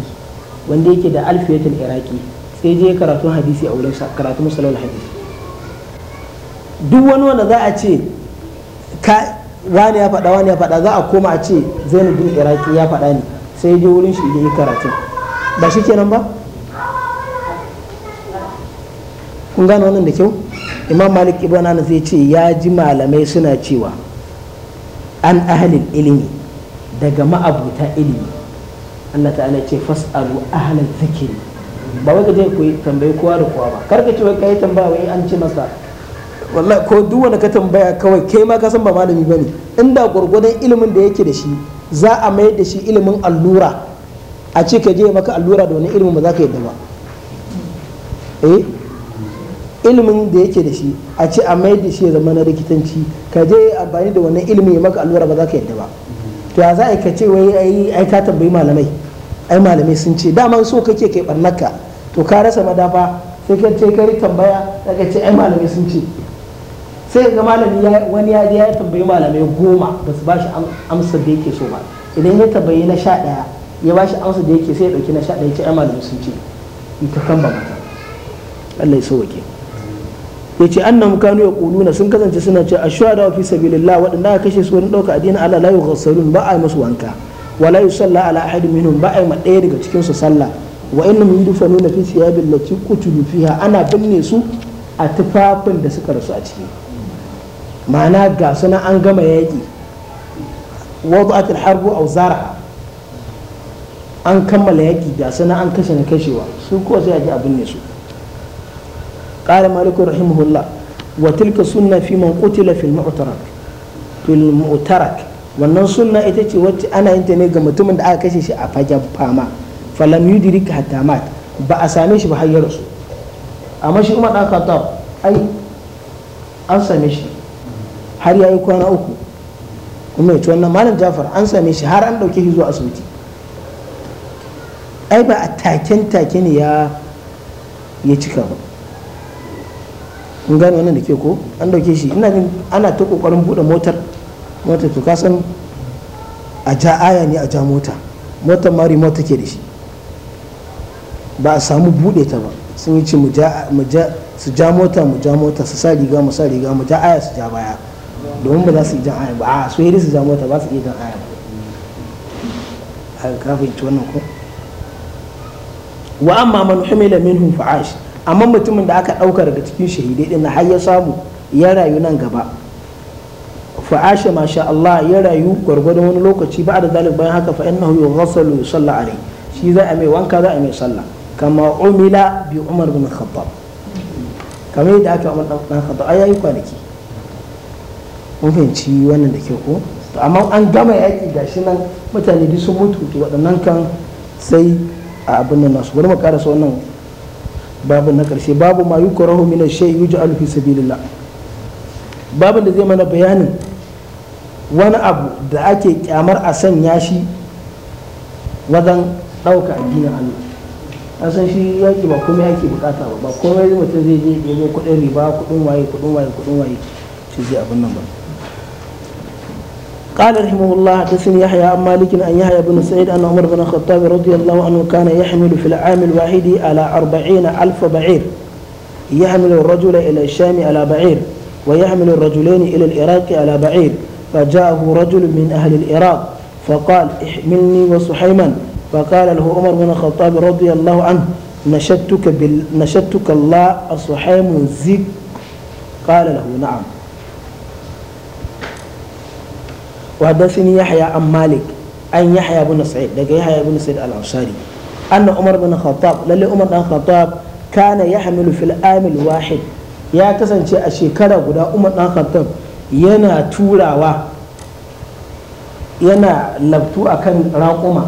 wanda yake da alfiyatul iraki sai je karatun hadisi a wurin karatu musalul hadisi duk wani wanda za a ce ka wani ya faɗa wani ya faɗa za a koma a ce zainuddin iraki ya faɗa ne sai je wurin shi yi karatun ba shi kenan ba kun gane wannan da kyau imam malik ibn anas ya ce ya ji malamai suna cewa an ahalin ilimi daga ma'abuta ilimi Allah ta'ala ce fas'alu ahalin zikiri ba wai gaje ku tambayi kowa da kowa ba karka ce wai kai tambaya wai an ce masa wallahi ko duk wanda ka tambaya kawai kai ma ka san ba malami bane inda gurgurdan ilimin da yake da shi za a mayar da shi ilimin allura a ce ka je maka allura da wani ilimin ba za ka yi ba eh ilimin da yake da shi a ce a mai da shi ya zama na rikitanci ka je amfani da wannan ilimin ya maka allura ba za ka yadda ba to ya za a ka ce wai ai ai ka tambayi malamai ai malamai sun ce daman so kake kai barnaka to ka rasa madafa sai ka ce kai tambaya daga ce ai malamai sun ce sai ga malami wani ya je ya tambayi malamai goma ba su ba shi amsar da yake so ba idan ya tambayi na sha ɗaya ya ba shi amsar da yake sai ya ɗauki na sha ɗaya ce ai malamai sun ce ita kan ba mata Allah ya so wake. yace annahum kanu na sun kasance suna cewa dawa fi sabilillah waɗanda aka kashe su wani dauka addinin Allah la yughsarun ba a masu wanka wala salla ala ahadin minhum ba a yi daya daga cikin su sallah wa innahum yudfanuna fi thiyabil lati qutilu fiha ana binne su a tufafin da suka rasu a ciki ma'ana ga suna an gama yaƙi wada'at harbu aw zara'a an kammala yaƙi ga suna an kashe na kashewa su ko sai a ji a binne su قال مالك رحمه الله وتلك سنة في من قتل في المعترك في المعترك wannan sunna ita ce wacce ana yin ta ne ga mutumin da aka kashe shi a fagen fama falam yudrik hatta mat ba a same shi ba har ya rasu amma shi Umar dan Khattab ai an same shi har yayi kwana uku kuma ci wannan malam Jafar an same shi har an dauke shi zuwa asibiti ai ba a taken take ne ya ya cika ba kun gane wannan da ke ko an dauke shi ina jin ana ta kokarin bude motar motar to kasan a ja aya ne a ja mota motar ma remote take da shi ba a samu bude ta ba sun yi ci mu ja su ja mota mu ja mota su sa riga mu sa riga mu ja aya su ja baya domin ba za su yi jan aya ba a su yi su ja mota ba su yi jan aya ba a kafin ci wannan ko wa amma man humila minhum fa'ash amma mutumin da aka ɗauka daga cikin shahidai ɗin har ya samu ya rayu nan gaba fa'ashe masha Allah ya rayu gwargwadon wani lokaci ba da zalib bayan haka fa'innahu yughassalu salla alai shi za a mai wanka za a mai sallah kama umila bi umar bin khattab kama yadda aka umar dan khattab ai yayi kwanaki mun fahimci wannan da kyau ko to amma an gama yaki gashi nan mutane duk sun mutu to waɗannan kan sai a abin nan nasu bari mu karasa wannan babu na ƙarshe babu ma yi ƙorahu mina shai yi ji alufi sabilillah babu da zai mana bayanin wani abu da ake kyamar a sanya shi wajen ɗauka addinin allah an san shi yaki ba komai yake bukata ba ba komai mutum zai je ya zo kuɗin riba kuɗin waye kuɗin waye kuɗin waye shi zai abin nan ba قال رحمه الله حدثني يحيى عن مالك أن يحيى بن سعيد أن عمر بن الخطاب رضي الله عنه كان يحمل في العام الواحد على أربعين ألف بعير يحمل الرجل إلى الشام على بعير ويحمل الرجلين إلى العراق على بعير فجاءه رجل من أهل العراق فقال احملني وسحيما فقال له عمر بن الخطاب رضي الله عنه نشدتك, بال... نشدتك الله أصحيم زيك قال له نعم wadda yahaya an malik an yahaya haya bin sa'id daga ya haya bin sa'id al-ausari anna umar bin khattab lalle umar bin khattab kana ya hamilu fil amil wahid ya kasance a shekara guda umar bin khattab yana turawa yana labtu a kan raƙuma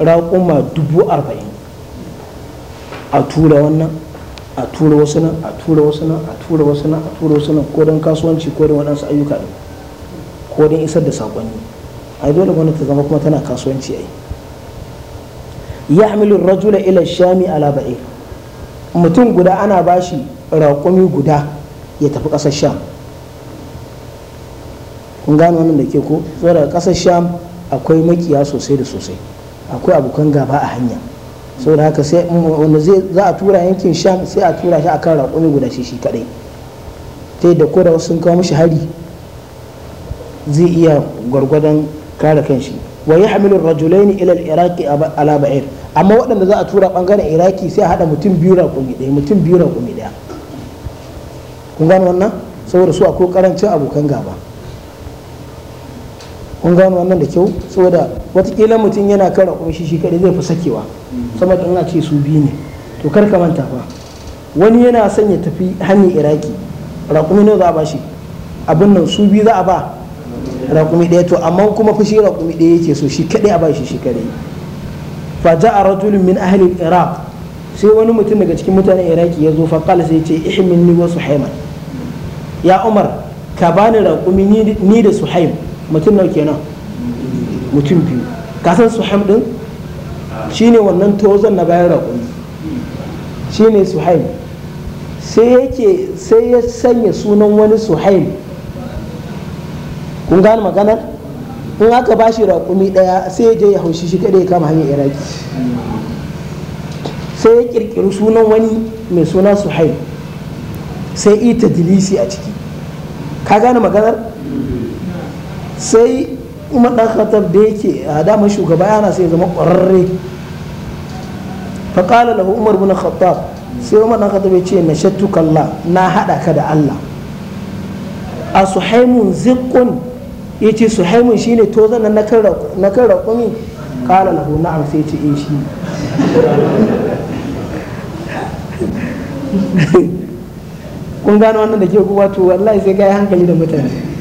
raƙuma dubu arba'in a tura wannan a tura wasu nan a tura wasu nan a tura wasu nan a tura wasu nan ko kasuwanci ko waɗansu ayyuka ɗin ko isar da saƙonni a dole wani ta zama kuma tana kasuwanci yi ya hamilu rajula ila shami ala ba'ir mutum guda ana bashi raƙumi guda ya tafi ƙasar sham kun gano wannan da ke ko saboda ƙasar sham akwai makiya sosai da sosai akwai abokan gaba a hanya saboda haka sai wanda za a tura yankin sham sai a tura shi akan raƙumi guda shi shi kadai ta yadda ko da wasu sun kawo mishi hari zai iya gwargwadon kare shi wa ya rajulai rajulaini ilal iraki ala ba'ir amma waɗanda za a tura ɓangaren iraki sai a haɗa mutum biyu raƙumi ɗaya mutum biyu raƙumi ɗaya kun gano wannan saboda su akwai ƙarancin abokan gaba kun gano wannan da kyau saboda watakila mutum yana kara kuma shi shi kadai zai fi sakewa saboda ina ce su biyu ne to kar ka manta fa wani yana son ya tafi hanyar iraki raƙumi ne za a ba abin nan su biyu za a ba raƙumi ɗaya to amma kuma fushi shi raƙumi ɗaya yake so shi kadai a ba shi shi kadai fa ja'a rajulun min ahli iraq sai wani mutum daga cikin mutanen iraki ya zo fa qala sai ya ce ni wa suhaiman ya umar ka bani rakumi ni da suhaiman mutum nau kenan mutum biyu kasan su haim din shi ne wannan tozon na bayan raƙumi su haim sai yake sai ya sanya sunan wani haim kun gane maganar in aka bashi raƙumi ɗaya sai ya je ya haushi shi kada ya kama hanyar iraki sai ya ƙirƙiri sunan wani mai suna suhaim sai ita dilisi a ciki ka gane maganar sai umar dan khattab da yake a dama shugaba yana sai zama ƙwararre faƙala lahu umar bin khattab sai umar dan khattab ya ce na shattu kalla na haɗa ka da Allah a suhaimun zikun ya ce suhaimun shine to zan na kan raƙumi ƙala lahu na'am sai ce in eh, shi <laughs> kun gano wannan da ke wato wallahi sai ga hankali da mutane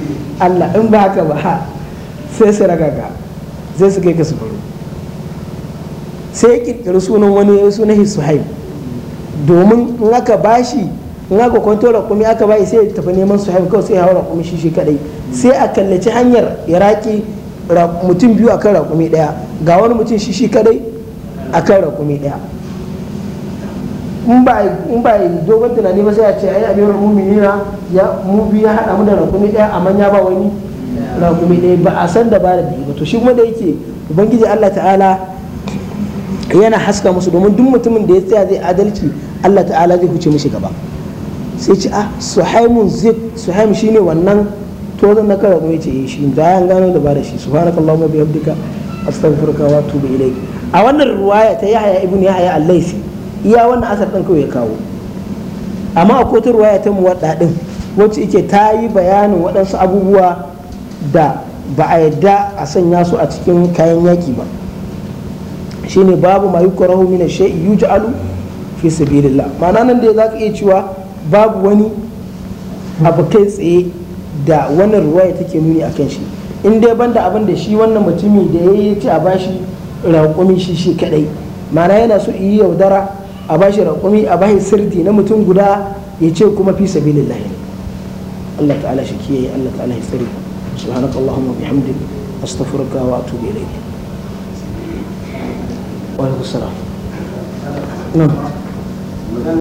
Allah in ba haka ba ha sai su ragaga zai su kai ka su baro sai ya kirkiri sunan wani ya sunan shi suhaib domin in aka shi in aka kwanto rakumi aka ba sai ya tafi neman haim kawai sai ya hau rakumi shi shi kadai sai a kallaci hanyar iraki mutum biyu akan rakumi daya ga wani mutum shi shi kadai akan rakumi daya in ba a yi dogon tunani ba sai a ce ai amirar muminina ya mubi ya hada mu da rakumi ɗaya amma manya ba wani rakumi ɗaya ba a san dabara da ba to shi kuma da yake ubangiji Allah ta'ala yana haska musu domin duk mutumin da ya tsaya zai adalci Allah ta'ala zai huce mishi gaba sai ci a ah, suhaimun zik suhaim shine wannan tozon na kara kuma yace eh, shi da an gano da da shi wa bihamdika astaghfiruka wa atubu ilayk a wannan ruwaya ta yahya ibnu yahya al laysi iya wannan asar ɗin kawai ya kawo amma a kotar waya ta muwaɗa ɗin wacce ike ta yi bayanin waɗansu abubuwa da ba a yadda a sanya su a cikin kayan yaƙi ba shine babu ma yukrahu min shay'i alu fi sabilillah ma'ana nan da ya za ka iya cewa babu wani abu kai tsaye da wannan ruwaya take nuni kan shi in dai banda abin da shi wannan mutumi da ya yi ce a bashi raƙumi shi shi kadai ma'ana yana so yi yaudara a bashi raƙumi a bashi sirdi na mutum guda ya ce kuma fi sabilillahi Allah ta'ala shi kiyaye Allah ta'ala ya sirri subhanaka allahumma bihamdik astaghfiruka wa atubu ilayk wa alaikum salam